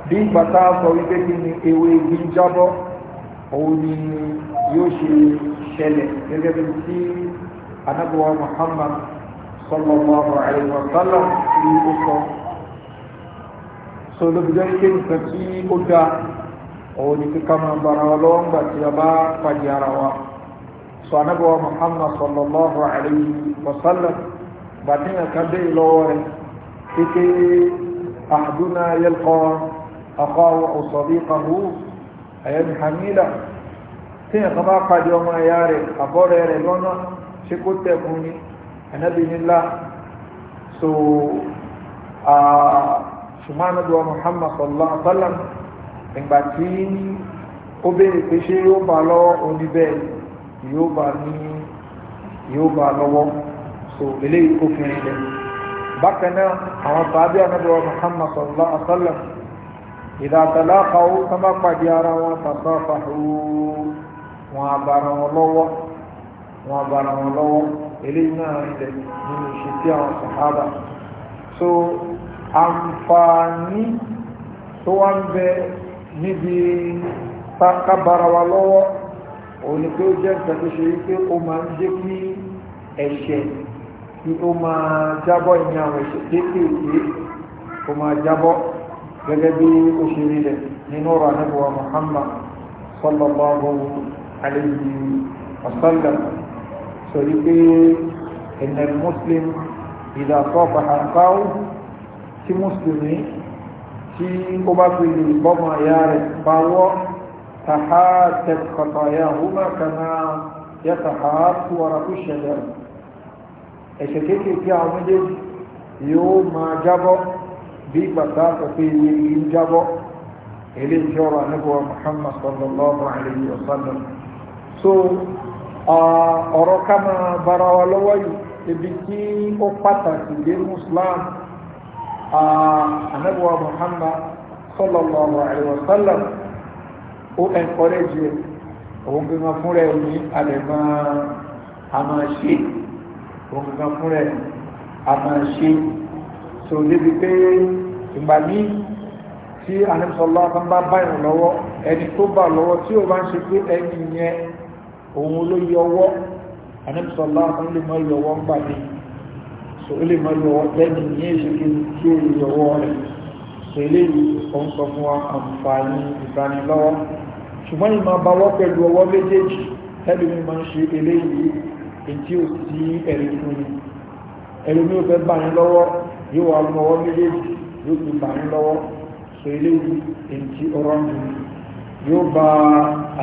bí pàtà sọ wípé kí ni ewé igi jábọ́ òun ni yóò ṣe ṣẹlẹ̀ gẹ́gẹ́ bí tí anábọ̀wá Muhammad sọlọ mọ́rọ̀ àìmọ̀ sálọ̀ tí ó sọ so ló bìjọ́ ike nǹkan tí ó dá òun ni kíkà máa bara wa lọ́wọ́ ńgbà tí a bá pàdé ara wa so anábọ̀ Muhammad sọlọ mọ́rọ̀ àìmọ̀ sálọ̀ bàtí nǹkan dé lọ́wọ́ rẹ̀ kíké àdúnà yẹlkọ́ akọ́wọ́ òsọ̀bí kàhú àyẹ̀mí hamila tí nǹkan bá pàdé ọmọ ẹ̀yà rẹ̀ àbọ̀rẹ̀ rẹ̀ lọ́nà ṣe kó tẹ̀kùn ni ẹ̀nẹ́bí nílá so ṣùgbọ́n anábíwá muhammad sallallahu alaihi wa sallam ìgbà tí ó béèrè pé ṣé yóò bá lọ́wọ́ oníbẹ̀ yóò bá ní yóò bá lọ́wọ́ so eléyìí kó fi rìn lẹ̀ bákan náà àwọn sàábí anábíwá muhammad sallallahu alaihi wa sallam ìdá àtàlákàwó sábà pàdé ara wọn tàbá fàáhù wọn àbára wọn lọ́wọ́ wọn àbára wọn lọ́wọ́ eléyìí náà ilẹ̀ nínú ṣe tí àwọn sàhábà so àǹfààní tó wá ń bẹ níbi kábára wa lọ́wọ́ òun ni pé ó jẹ́ nǹkan tó ṣe wípé ó máa ń jẹ́ kí ẹ̀ṣẹ̀ kí ó máa jábọ́ ìyẹn àwọn ẹ̀ṣẹ̀ kéékèèké ó máa jábọ́ gẹ́gẹ́ bí ó ṣe rí nínú ọ̀rọ̀ anábọ̀wá Muhammad sallallahu alayhi wa sallam sọ wípé ẹ̀nà muslim ìdàtọ̀ pàtàkàwò tí mùsùlùmí tí ó bá fi lè bọ́mọ̀ ya rẹ̀ pàwọ́ تحاتت خطاياهما كما يتحات ورق الشجر ẹ̀ṣẹ̀ kéèkéèké àwọn méjèèjì yóò máa jábọ́ bí bàtà òfin yìí ń jábọ́ ilé ìjọba nígbà Muhammad sallallahu alayhi wa sallam so ọ̀rọ̀ ká máa bára wa lọ́wọ́ yìí ibi tí ó pàtàkì dé muslim anabuwa muhammad sallallahu alaihi wa sallam ó encourage e. òun gbẹmọ fúnra ẹ ní àlẹmọ àmàṣe òun gbẹmọ fúnra ẹ àmàṣe so débi pé ìgbà míì tí anabi sallallahu alaihi wa sallam bá bá ìrànlọ́wọ́ ẹni tó bá lọ́wọ́ tí ó bá ń ṣe pé ẹni yẹn òun ló yọwọ́ àníbìsọ̀lá fún lè mọ́ yọwọ́ ń gbà so ó lè mọ́ yọwọ́ lẹ́nu ní èṣèké tí ó yọwọ́ rẹ̀ so eléyìí ó ń sọ fún wa àǹfààní ìbánilọ́wọ́ ṣùgbọ́n ìmọ̀ bawọ́ pẹ̀lú ọwọ́ méjèèjì ẹlòmí máa ń ṣe eléyìí ètí ò sí ẹ̀rí fún ni ẹlòmí ò fẹ́ bà ní lọ́wọ́ yóò wà mọ́ ọwọ́ méjèèjì yóò fi bà ní lọ́wọ́ so eléyìí ètí yóò ba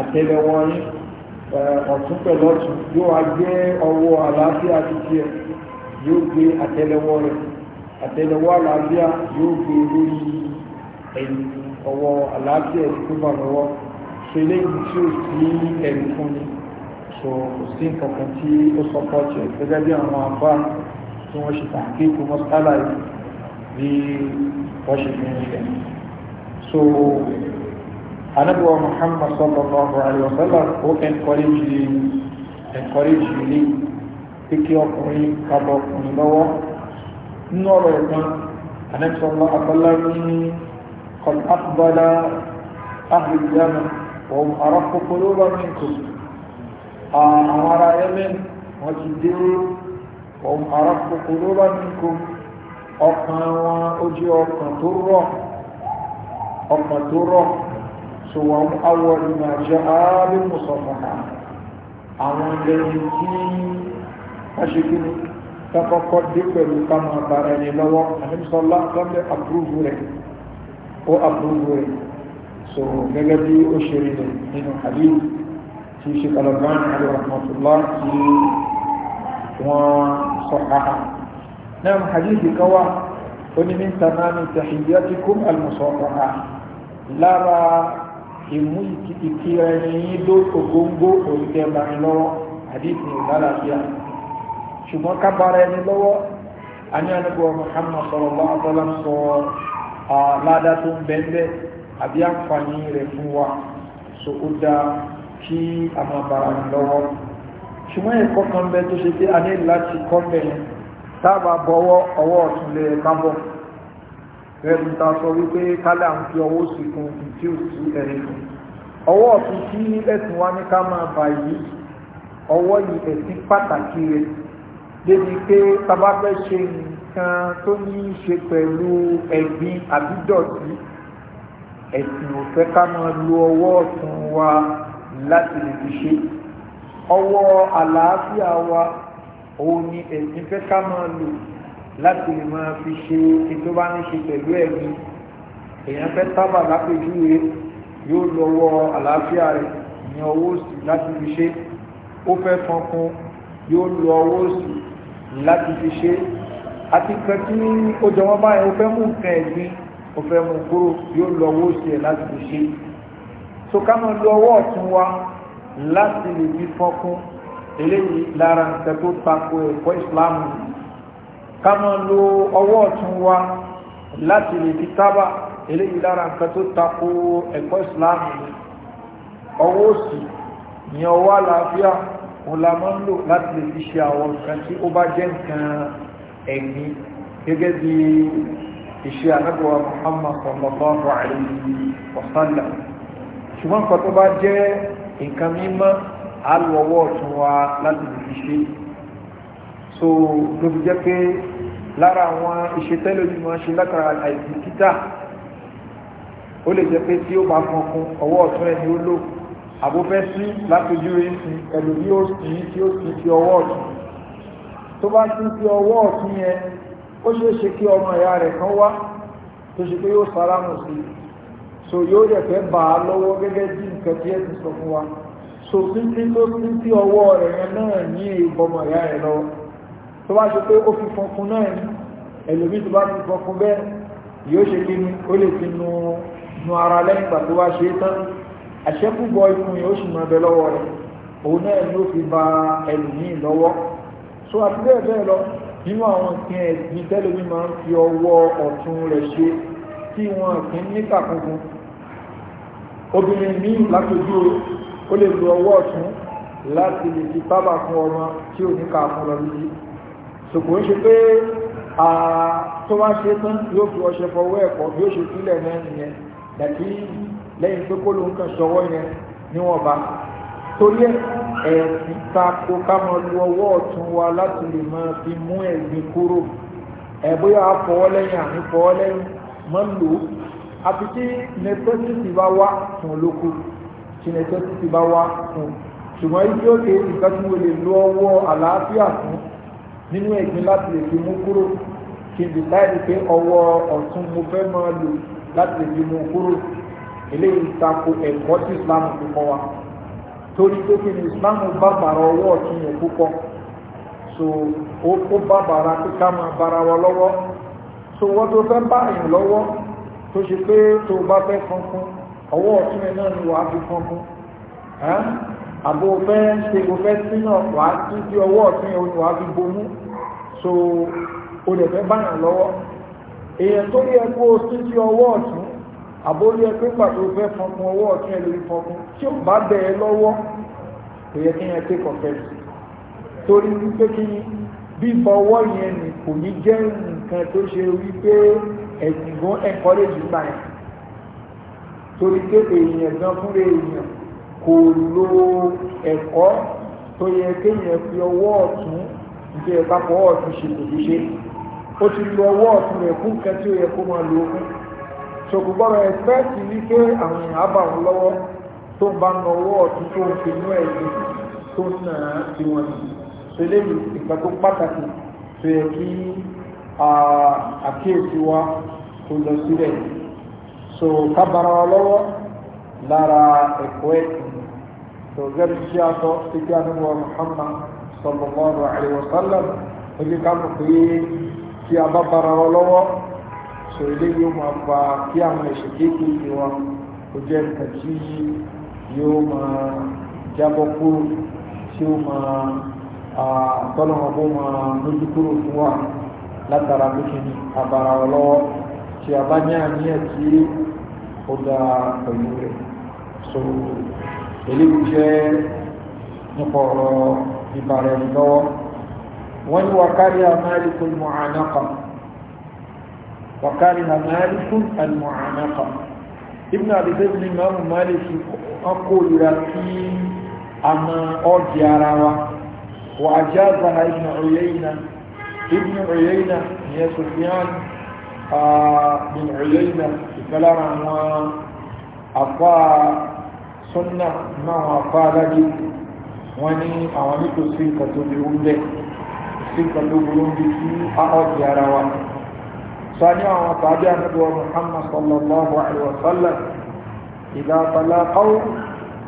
àtẹ́lẹwọ́ yín Eh, ọ̀tún pẹ̀lú ọ̀tún yóò wá gbé ọwọ́ àlàáfíà títí ẹ̀ yóò gbé àtẹ́lẹwọ́ rẹ̀ àtẹ́lẹwọ́ àlàáfíà yóò gbé lórí ẹ̀yìn ọwọ́ àlàáfíà ẹ̀ tó bà lọ́wọ́ so eléyìí tí ó sí ẹ̀rí fún ni so kò sí nǹkan kan tí ó sọ pọ̀ tí ẹ̀ gẹ́gẹ́ bí àwọn àbá tí wọ́n ṣe tàǹkì kó mọ́sálà yìí bí wọ́n ṣe fi ń ṣe anabuwa muhammad sallallahu alaihi wasallam ó encourage encourage ilé kíkí ọkùnrin kábọ̀ ọkùnrin lọ́wọ́ nínú ọ̀rọ̀ ẹ̀kan anẹ́sọ̀lá abọ́lá ní قد أقبل أهل اليمن وهم أرق قلوبا منكم أمر يمن وجدوا وهم أرق قلوبا منكم ọkàn wọn ojú ọkàn tó rọ̀ ọkàn tó rọ̀ so wọn awọ́rí máa jẹ́ ààrẹ mùsọ̀fọ̀nà àwọn lẹ́yìn tí aṣèkínú takọ́kọ́ dé pẹ̀lú kama bàrà ẹni lọ́wọ́ àníṣọ́lá lọ́pẹ́ àpúrúvù rẹ̀ ó àpúrúvù rẹ̀ so gẹ́gẹ́ bí ó ṣe rí rẹ̀ nínú àbí tí ṣe kalabán àrẹ rahmatullah tí wọ́n sọ àhà náà hadithi kawa onímìntànámi tàhíyàtìkún almusafaha lára ìmú ìkìtìkìrẹ yìí ló ògóńgó òrìkẹba ni lọ́wọ́ àdìsí ìlàlàfíà ṣùgbọ́n kábàárà ẹni lọ́wọ́ aníyànjú Muhammad sallallahu alaihi wasallam sọ ládá tó ń bẹ́ńbẹ́ àbí àǹfààní rẹ̀ fún wa so ó dá kí a máa bára ní lọ́wọ́ ṣùgbọ́n ẹ̀kọ́ kan bẹ tó ṣe pé a ní láti kọ́ bẹ̀yẹn táàbà bọ́wọ́ ọwọ́ ọ̀tún kábọ̀ rẹ̀bù ta sọ wípé kálá ń fi ọwọ́ sí kun tí ò sí ẹ̀rẹ́ fún ọwọ́ ọ̀tún tí ẹ̀sìn wa ní ká máa bà yìí ọwọ́ yìí ẹ̀sìn pàtàkì rẹ̀ débi pé tábà fẹ́ ṣe nǹkan tó ní í ṣe pẹ̀lú ẹ̀gbin àbídọ̀tí ẹ̀sìn ò fẹ́ ká máa lo ọwọ́ ọ̀tún wa láti lè fi ṣe ọwọ́ àlàáfíà wa òun ni ẹ̀sìn fẹ́ ká máa lò láti lè máa fi ṣe ètò bá ní ṣe pẹ̀lú ẹ̀mí èèyàn fẹ́ tábà lápèjúwe yóò lọ́wọ́ àlàáfíà rẹ̀ ìyẹn owó sí láti fi ṣe ó fẹ́ fọnkún yóò lọ owó sí láti fi ṣe àti kan tí ó jọ wọ́n báyìí ó fẹ́ mú nǹkan ẹ̀gbin ó fẹ́ mú kúrò yóò lọ owó sí ẹ̀ láti fi ṣe so ká máa lo ọwọ́ ọ̀tún wa láti lè fi fọnkún eléyìí lára nǹkan tó tako ẹ̀kọ́ ìsìláàmù ká máa lo ọwọ́ ọ̀tún wa láti lè fi tábà eléyìí lára nǹkan tó tako ẹ̀kọ́ ìsìláàmù ọwọ́ òsì ìyẹn ọwọ́ àlàáfíà òun la máa ń lò láti lè fi ṣe àwọn nǹkan tí ó bá jẹ́ nǹkan ẹ̀gbin gẹ́gẹ́ bí iṣẹ́ anábọ̀wá Muhammad sallallahu alayhi wa sallam ṣùgbọ́n nǹkan tó bá jẹ́ nǹkan mímọ́ àlọ́ ọwọ́ ọ̀tún wa láti lè fi ṣe so ló fi jẹ́ pé lára àwọn ìṣètẹ́lómi máa ṣe lákàrà àìbìkítà ó lè jẹ́ pé tí ó bá fọnkún ọwọ́ ọ̀tún ẹni ó lò àbúfẹ́ sí látòjú rẹ̀ sí ẹlòmí ó sì tí ó sì fi ọwọ́ ọ̀tún tó bá sí fi ọwọ́ ọ̀tún yẹn ó ṣeé ṣe kí ọmọ ìyá rẹ̀ kan wá tó ṣe pé yóò sálámù sí so yóò dẹ̀ fẹ́ bà á lọ́wọ́ gẹ́gẹ́ bí nǹkan tí ẹ ti sọ fún wa so títí tó sí sí ọwọ́ rẹ̀ yẹn náà ní ìbọmọ ìyá rẹ̀ lọ́wọ́ tó wá ṣe pé ó fi fọnkún náà ẹlòmí tó bá fi fọnkún bẹ́ẹ̀ yóò ṣe kí ni ó lè fi nu nu ara lẹ́yìn ìgbà tó wá ṣe tán àṣẹ́kùbọ̀ ikùn yóò sì máa bẹ lọ́wọ́ rẹ̀ òun náà ni ó fi ba ẹlòmí lọ́wọ́ so àti bẹ́ẹ̀ bẹ́ẹ̀ lọ nínú àwọn nǹkan ẹ̀sìn tẹ́lómi máa ń fi ọwọ́ ọ̀tún rẹ̀ ṣe tí wọn kì í níkà kankan obìnrin míì látòjú ó lè lo ọwọ́ ọ̀tún láti lè fi tábà fún ọmọ tí ò níkà fún lọ lójú so kò ń ṣe pé tó bá ṣe tán yóò fi ọṣẹ fọwọ́ ẹ̀kọ́ bí ó ṣe sílẹ̀ náà nìyẹn dàbí lẹ́yìn pé kó ló ń kàn ṣọwọ́ yẹn níwọ̀nba torí ẹ̀sìn tako ká mọ lu ọwọ́ ọ̀tún wa láti lè máa fi mú ẹ̀gbin kúrò ẹ̀bóyá afọwọ́ lẹ́yìn àní fọwọ́ lẹ́yìn mọ́ lò ó àfi tí necessity bá wá fún olóko tí necessity bá wá fún ṣùgbọ́n ibi òkè nǹkan tí mo lè lo ọwọ́ àlàáfíà fún nínú ẹ̀gbin láti lè fi mú kúrò kí n dìtáìdì pé ọwọ́ ọ̀tún mo fẹ́ máa lò láti lè fi mú kúrò eléyìí tako ẹ̀kọ́ tí islam fi kọ́ wa torí pé kí ni islam bá bàrà ọwọ́ ọ̀tún yẹn púpọ̀ so ó kó bá bàrà pé ká máa bára wa lọ́wọ́ so wọ́n tó fẹ́ bá èèyàn lọ́wọ́ tó ṣe pé tó bá fẹ́ fọ́nfún ọwọ́ ọ̀tún yẹn náà ni wàá fi fọ́nfún àbò fẹ́ ṣe kò fẹ́ sínú wàá tún bí ọwọ́ ọ̀tún yẹn wàá fi bomú so o lè fẹ́ báyàn lọ́wọ́ èèyàn tó yẹ kó o tún bí ọwọ́ ọ̀tún àbò yẹ pé pàtó fẹ́ fọkun ọwọ́ ọ̀tún yẹn lórí fọkun tí ó bá bẹ̀ ẹ́ lọ́wọ́ kò yẹ kí yẹn ké kọ̀fẹ́ torí wípé kí ni bíbọ ọwọ́ yẹn ni kò ní jẹ́ nǹkan tó ṣe wípé ẹ̀sìn gan encourage gbà yẹn torí pé èèyàn gan fúnra èèyàn kò lo ẹ̀kọ́ tó yẹ kéèyàn fi ọwọ́ ọ̀tún ìdí ẹ̀ka ọ̀tún ṣe kò fi ṣe ó ti lo ọwọ́ ọ̀tún rẹ̀ fún nǹkan tí ó yẹ kó máa lo fún ṣòkò gbọ́dọ̀ ẹ̀fẹ́ẹ̀tì àwọn èèyàn á bà lọ́wọ́ tó ń bá ń ọwọ́ ọ̀tún tó ń fi inú ẹ̀ tó ń so wa lọ́wọ́ lára ẹ̀kọ́ ẹ̀kọ́ gẹ́gẹ́ bí ṣe àtọ́ títí àdúgbò Muhammad sallallahu alaihi wasallam ebi ká mọ̀ pé kí a bá bara wọn lọ́wọ́ sọ ilé yóò máa fa kí àwọn ẹ̀ṣẹ̀ kéékèèké wọn kò jẹ́ nǹkan tí yóò máa jábọ́ kúrò tí ó máa tọ́nà wọn bó máa lójú kúrò fún wa látara pékinni àbára wọn lọ́wọ́ tí a bá ní àníyàn tí ó dáa pẹ̀lú rẹ̀ so eléyìí jẹ́ nípa ọ̀rọ̀ ìbàrẹ̀ ẹni lọ́wọ́ wọ́n ní wàkárí àmáríkùn mọ̀ánákà wàkárí àmáríkùn àmọ̀ánákà ibn abidjan ni maamu maliki ọkọ̀ ìrà kí a máa ọ́dì ara wa wà ajáza ibn súnà náà wọn afá alájí wọn ní àwọn nítòsí nǹkan tó lè ń bẹ sí nǹkan tó burú bí kí á ọ̀dì ara wa sani àwọn tàbí àmúdùwà muhammad sallallahu alaihi wa sallam ìdá àtàlákàwò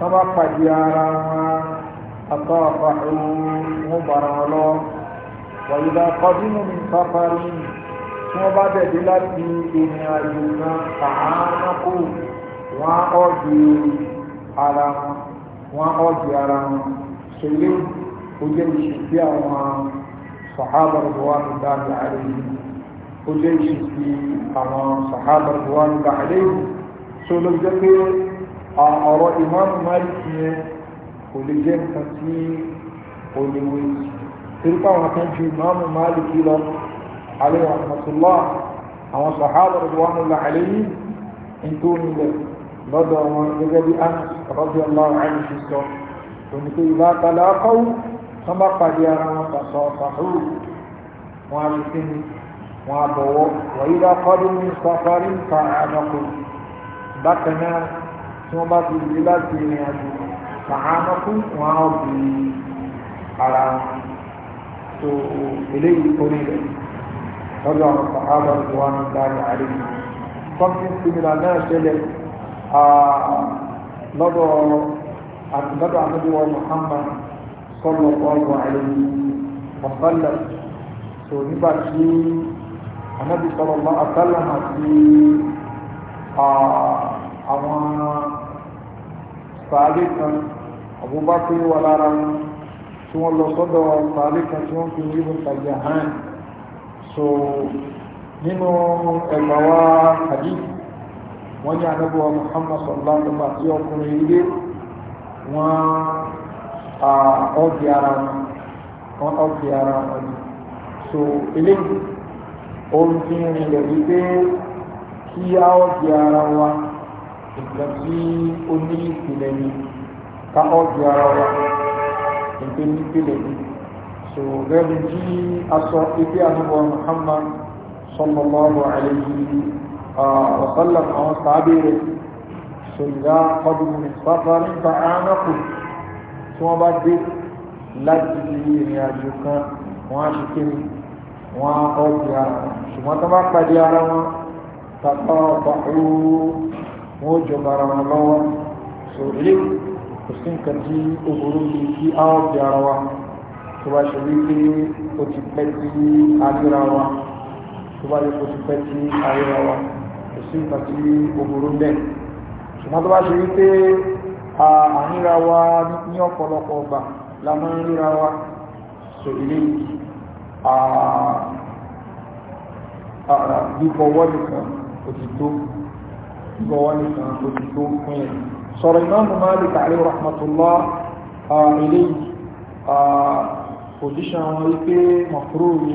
wọn bá pàdé ara wọn àtọ́ọ̀fà ìwọ̀n bàrà wọn lọ wà ìdá kọdínú mi sáfàrí tí wọ́n bá dẹ̀dé láti ìrìn àjò náà tààmà kú wọn ọ̀dì ara wọn ọ̀dì ara wọn ṣèlú ó jẹ́ ìṣèlú àwọn sàhábà rẹ̀wọ́n dáadáa àríyìn ó jẹ́ ìṣèlú àwọn sàhábà rẹ̀wọ́n dáadáa àríyìn tó ló jẹ́ pé ọ̀rọ̀ ìmáàmù máàlìkì yẹn kò lè jẹ́ nǹkan tí ó lè wé torí pé àwọn kan ìmáàmù máàlìkì lọ àlẹ́ àwọn sàhábà rẹ̀wọ́n dáadáa àríyìn nítorí lẹ́yìn lọ́dọ̀ wọn gẹ́gẹ́ bí a rọ́bí ọlọ́run àìní ti sọ òní pé ìlà àtàlà akọ́wù tó bá pàdé ara wọn pàṣọ pàṣọrù wọn a lè fi ni wọn a bọ̀wọ́ wọ̀nyí bá kọ́dún ní safari nǹkan àánọ́kù bákan náà tí wọ́n bá ti lè láti ìrìn àjò àánọ́kù wọn a bì í ara wọn tó eléyìí orí rẹ̀ lọ́dọ̀ àwọn sàhábà ìwà ní dáre àríwá something similar náà ṣẹlẹ̀ lọ́dọ̀ àtìlọ́dọ̀ àmọ́dúwọ̀ Muhammad sọ́lọ̀ ọ̀rọ̀ àìlú ọ̀bálẹ̀ tó nígbà tí anábì sọ́lọ̀ bá àtàlà àti àwọn sàálé kan Abubakar wà lára wọn tí wọ́n lọ sọ́dọ̀ sàálé kan tí wọ́n fi ní ibùn tàjà so nínú ẹgbàwá hadith wọ́n ní anábọ̀wá Muhammad sallallahu alaihi wasallam àti ọkùnrin ilé wọ́n ọ̀gbìn ara wọn ni so eléyìí ohun tí ń rìn lẹ̀ wípé kí a ọ̀gbìn ara wa nǹkan tí ó ní ìpìlẹ̀ ni ká ọ̀gbìn ara wa nǹkan ní ìpìlẹ̀ ni so gẹ́gẹ́ bí a sọ ibi àdúgbò Muhammad sallallahu alaihi wasallam ọ̀sọ́lọ̀ àwọn sàábé rẹ̀ ṣòlùdá ọdún pàtàkì tààrànàkù tí wọ́n bá dé láti ìrìn àjò kan wọ́n á ṣe kéré wọ́n á ọ̀dì ara wọn ṣùgbọ́n tó bá pàdé ara wọn tàbá ọ̀pá ooru wọn ó wa tó bá ṣe wípé ó ti pẹ́ tí a wa tó bá yẹ kó ti pẹ́ tí a wa sí nǹkan tí ó burú bẹ́ẹ̀ ṣùgbọ́n tó bá ṣe wípé àníra wa ní ọ̀pọ̀lọpọ̀ ọgbà la máa ń ríra wa sọ ilé bíbọwọ́ nìkan òtítọ́ bíbọwọ́ nìkan òtítọ́ fún ẹ̀ sọ̀rọ̀ Imam Malik alayhi rahmatullah ilé pòsíṣàn wọn wípé mọ̀kúrò ní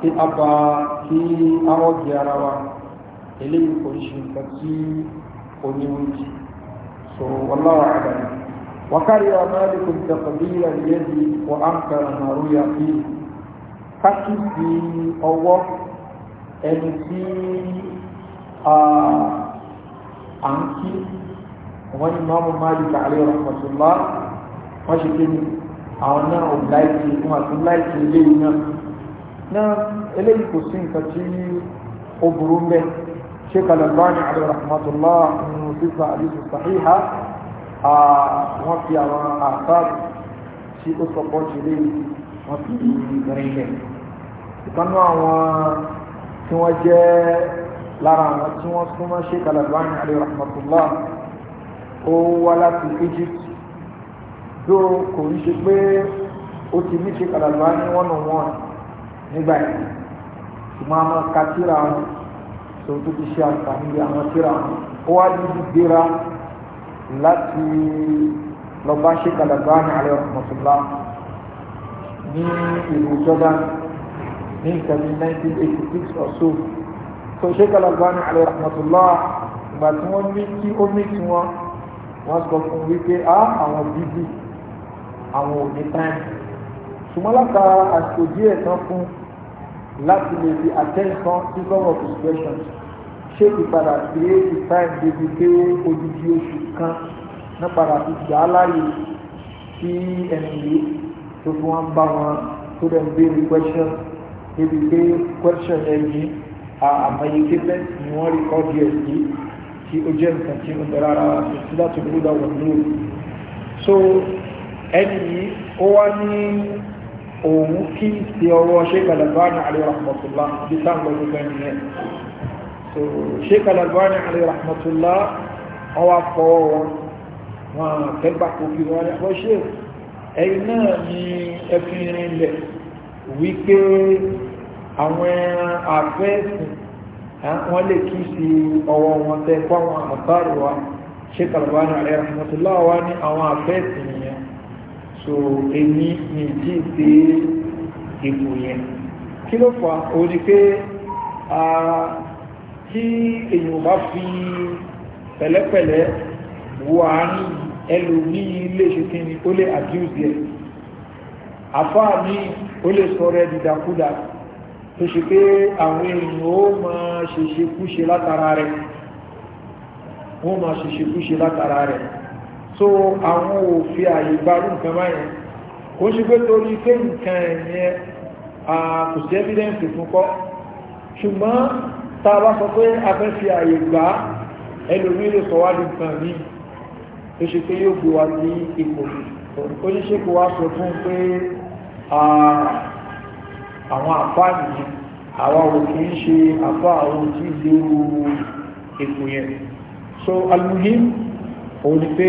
tí a bá kí a rọ́gbẹ̀ ara wa eléyìí kò ṣe nǹkan tí oníwèjì so wallahu a'lam wákàrí amáàlìkùn tẹ̀kọ̀bíyà di, wọ áǹkàrà màrú yà fi kákì sí ọwọ́ ẹni tí à ń kí wọ́n ni máa mú máàlìkà àlẹ́ rahmatullah wọ́n ṣe kéde àwọn náà ò láìsí fún àti láìsí eléyìí náà náà eléyìí kò sí nǹkan tí ó burú mẹ́rin sheikh al-Albani alayhi rahmatullah nínú fífa àdìsù sàhíhà wọ́n fi àwọn àṣàrù tí ó sọpọ̀ ṣe lé wọ́n fi ìrìn lẹ̀ ìkanú àwọn tí wọ́n jẹ́ lára àwọn tí wọ́n súnmọ́ sheikh al-Albani alayhi rahmatullah ó wá láti Egypt tó kò ń ṣe pé ó ti ní sheikh al-Albani one on one nígbà yìí ṣùgbọ́n tó tó fi ṣe àǹfààní àwọn tíra ó wá ní gbéra láti lọ bá ṣe kàlàbá ní alẹ́ ọ̀mọ̀tòlá ní ìlú jordan ní ìkàbí 1986 or so tó ṣe kàlàbá ní alẹ́ ọ̀mọ̀tòlá ìgbà tí wọ́n ní kí ó ní kí wọ́n wọ́n sọ fún wípé á àwọn bíbí àwọn òní táìmù ṣùgbọ́n látara àṣòjì ẹ̀tàn fún láti lè fi attention to some of his ṣé ìpadà sí èyí táìmù débi pé odidi oṣù kan náà padà fi gbà á láàyè sí ẹnu tó fi wọn bá wọn tó dẹ̀ ń béèrè question débi pé question yẹn yìí àmọye kébẹ́ ni wọ́n rí kọ́ọ̀dù ẹ̀ sí tí ó jẹ́ nǹkan tí ó bẹ̀rẹ̀ ara sí láti gbọ́dọ̀ wọ̀ ní òru. so ẹni yìí ó wá ní òun kí ti ọwọ́ ṣé gbàdàgbà ní àríwá ọ̀pọ̀tọ̀lá bí sáà ń lọ gbogbo ẹni yẹn so sheik al-albani alayhi rahmatullah wọn wá fọwọ́ wọn wọn tẹ́gbà kò fi wọn ní àwọn sheik ẹ̀yìn náà ni ẹfin rinlẹ̀ wípé àwọn ẹran àfẹ́sìn wọ́n lè kí sí ọwọ́ wọn tẹ́ kọ́ àwọn àtàrí wa sheik al-albani alayhi rahmatullah wa ní àwọn àfẹ́sìn yẹn so èmi ní ìdí ìpé ipò yẹn kí ló fà ó ní pé tí èyàn bá fi pẹ̀lẹ́pẹ̀lẹ́ wo àárín ẹlò ní ilé ṣekínni ó lè abuse ẹ̀ àfáà ní ó lè sọ̀rọ̀ ẹ̀dìdàkúdà tó ṣe pé àwọn èèyàn ó máa ṣeṣe kúṣe látara rẹ̀ wọ́n máa ṣeṣe kúṣe látara rẹ̀ so àwọn òfin àyè gbarú nǹkan báyẹn kò ń ṣe pé torí pé nǹkan ẹ̀yẹn kò sí evidence fún kọ́ ṣùgbọ́n tá a bá sọ pé a fẹ́ fi àyè gbà ẹlòmí lè sọ wá ní nǹkan mi tó ṣe pé yóò gbé wa ní ipò oníṣèkò wa sọ fún pé àwọn àpá nìyẹn àwọn ò kì í ṣe àpá àwọn òtí ìlú èkó yẹn so almuhim òun ni pé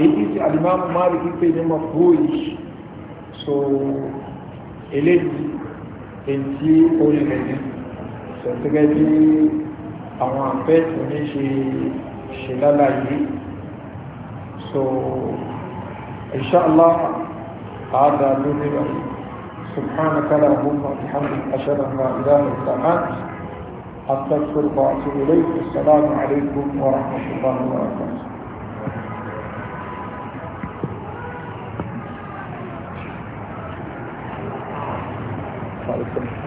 èyí tí alimami Malik pé ní mafúrúyì so eléyìí èyí tí ó lè rẹ̀ yẹn gẹ́gẹ́ bí àwọn àpẹẹtù ní ṣe ṣe lálàyé so inshallah àádá lórí rẹ̀ سبحانك اللهم وبحمدك اشهد ان لا اله الا انت استغفرك واتوب اليك السلام عليكم ورحمه الله وبركاته وعليكم السلام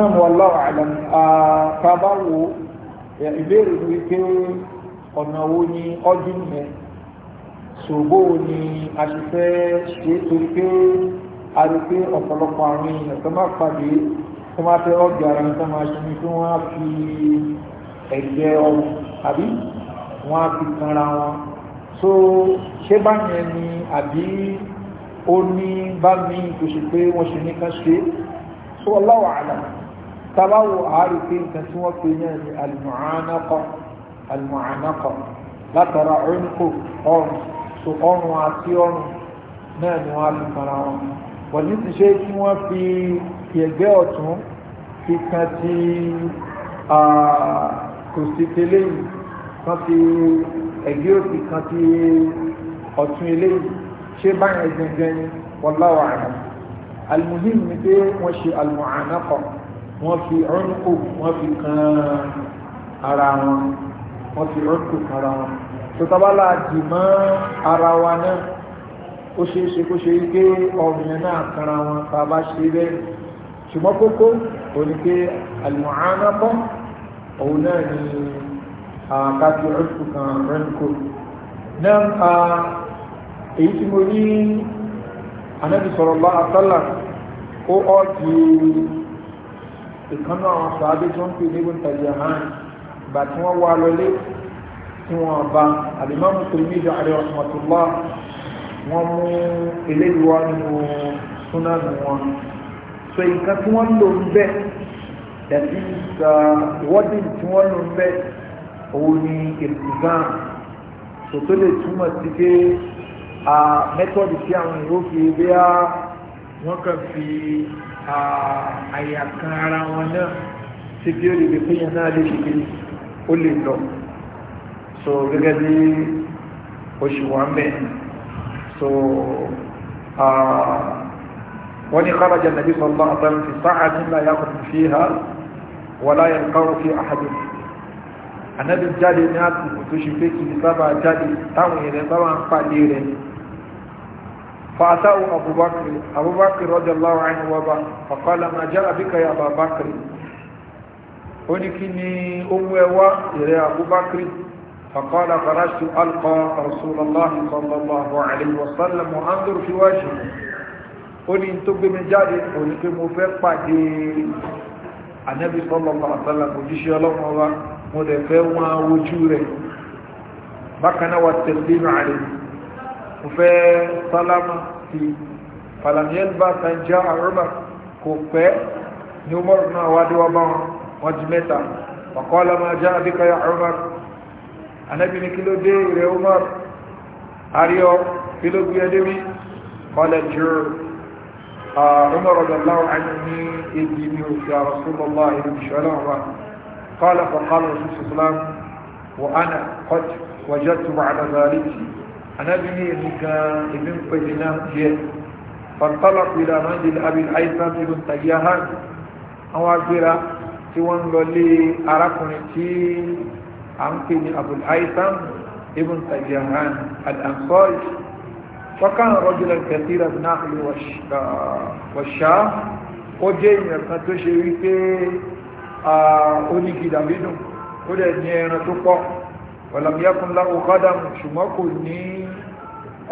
náà mú ọlọ́rọ̀ àlàm àtàbáwò ìbéèrè ní wípé ọ̀nà wo ni ọdún yẹn ṣògbó ni a ṣe fẹ́ ṣe torí pé a rí pé ọ̀pọ̀lọpọ̀ àwọn èèyàn tó máa pàdé tó máa fẹ́ ọ̀gbìn ara ní tó máa ṣe ni kí wọ́n á fi ẹ̀gbẹ́ ọ̀hún àbí wọ́n á fi kanra wọn so ṣé báyẹn ni àbí ó ní bá mi kò ṣe pé wọ́n ṣe ní ṣe so Allahu a'lam tabawo àárífẹ́ nǹkan tí wọ́n pe náà ní almuhanakọ́ almuhanakọ́ látara ọ̀rùnkò ọ̀rùn so ọ̀rùn àti ọ̀rùn náà ni wọ́n á fi kanra wọn wọ́n ní ti ṣe kí wọ́n fi ẹ̀gbẹ́ ọ̀tún fi kan ti kò sí tẹ́lẹ̀ yìí kan ti ẹ̀gbẹ́ òsì kan ti ọ̀tún eléyìí ṣé báyìí gbẹngàn ni láwàá rẹ̀ almuhim ni pé wọ́n ṣe almuhanakọ́ wọ́n fi ọ́nkò wọ́n fi kan ara wọn wọ́n fi ọ́nkò kan ara wọn tó tabbala dìmọ́ ara wa náà ó ṣe é ṣe kó ṣe wípé ọ̀rìn náà kanra wọn tá a bá ṣe bẹ́ẹ̀ ṣùgbọ́n kókó ò ní pé òun náà ni àkáfi ọ́nkò kan rẹ́ńkò náà èyí tí mo rí anábì sallallahu alaihi ó ọ́ ti ìkànnà àwọn sàábé tó ń pè ní ibùn tàjàhán ìgbà tí wọ́n wá lọlé tí wọ́n bá àlìmọ́mù tòlmídì àrẹ ọ̀sùmọ̀tòlá wọ́n mú eléyìí wá nínú súnà nù wọn so nǹkan tí wọ́n lò ń bẹ́ dàbí ìwọ́dìn tí wọ́n lò ń bẹ́ òun ni ìrìgán tòtó lè túmọ̀ sí pé uh, mẹ́tọ́dì tí àwọn èèyàn fi bí wọ́n kàn fi àyàkan ara wọn náà tí bí ó lè pín yẹn náà lè ṣe ó lè lọ so gẹ́gẹ́ bí oṣù wa ń bẹ̀ so wọ́n ní kárajà nàbí sọ́lá àtàrí fi sáà nílá yàkùn fi ha wà láyé kárò fi àhàjì anábì jáde ní àtùkù tó ṣe pé kìí sábà jáde táwọn èèyàn sábà ń pàdé rẹ̀ فأتاه أبو بكر أبو بكر رضي الله عنه وبا فقال ما جاء بك يا أبا بكر ونكني أمي إلى أبو بكر فقال خرجت ألقى رسول الله صلى الله عليه وسلم وأنظر في وجهه قل إن تب من جاري قل في مفقة النبي صلى الله عليه وسلم وجيشي الله ومدفع وجوره بكنا والتسليم عليه kò fẹ́ sálámà sí falamiyel bá sanja aroma kò pẹ́ ní umar náà wádìí wá bá wọn wọn di mẹ́ta wàkọ́lá máa já abíkáyà umar anábì ní kí ló dé rẹ̀ umar ariyo kí ló gbé ẹdẹ́ mi kọ́lẹ̀ jùlọ عمر رضي الله وجدت بعد ذلك anábì ní èmi gan èmi ń pè ní náà díẹ̀ fàtàlà pìlà manzil abil aisam ibn tayyahan àwọn agbéra tí wọ́n ń lọ lé arákùnrin tí a ń pè ní abul aisam ibn tayyahan al-ansari وكان رجلا كثيرا النحل والشام ó jẹ́ èèyàn kan tó ṣe wípé ó ní kìdàbínú ó dẹ̀ ní ẹran tó pọ̀ ọ̀làmìyàkùn láwọ̀ kọ́dàmù ṣùgbọ́n kò ní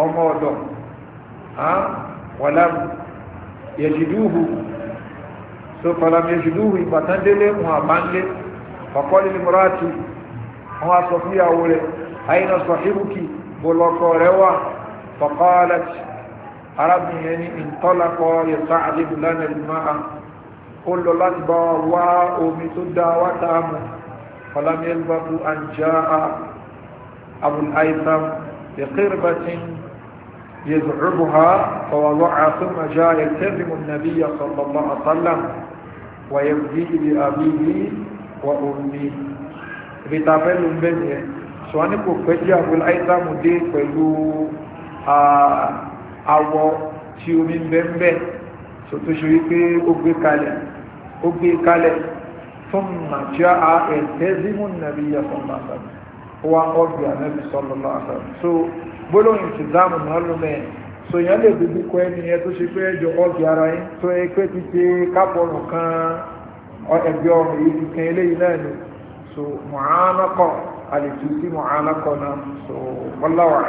ọmọ ọ̀dọ̀ wàlám yẹ̀ṣìdúhù so fàlàm yẹ̀ṣìdúhù ìgbàtàndélé wọn àbánlé ọ̀kọ́lì ní mọ́ràtì wọn a sọ fún ìyàwó rẹ̀ àyínà sọ̀hírùkì bọ̀lọ̀kọ̀ rẹ̀ wà fọ̀kọ́lẹ̀tì arábìnrin ní ìtọ́lákọ̀ فلم يلبثوا أن جاء أبو الأيثم بقربة يزعبها فوضعها ثم جاء يلتزم النبي صلى الله عليه وسلم ويبدي بأبيه وأمي بتابل بني سواني كوفيجي أبو الأيثم دي فلو awọ tí omi ń bẹ́ ń bẹ́ tó tó ثم جاء يلتزم النبي صلى الله عليه وسلم هو أرضي النبي صلى الله عليه وسلم so gbóló ìtìzámù na so yẹn lè dúdú kọ ẹni yẹn tó ṣe pé ẹjọ ara yín tó ẹ pé títí kápọ̀nù kan ẹgbẹ́ ọmọ èyí ti kan eléyìí náà ni so mọ̀ánàkọ̀ sí náà so wọ́n láwàá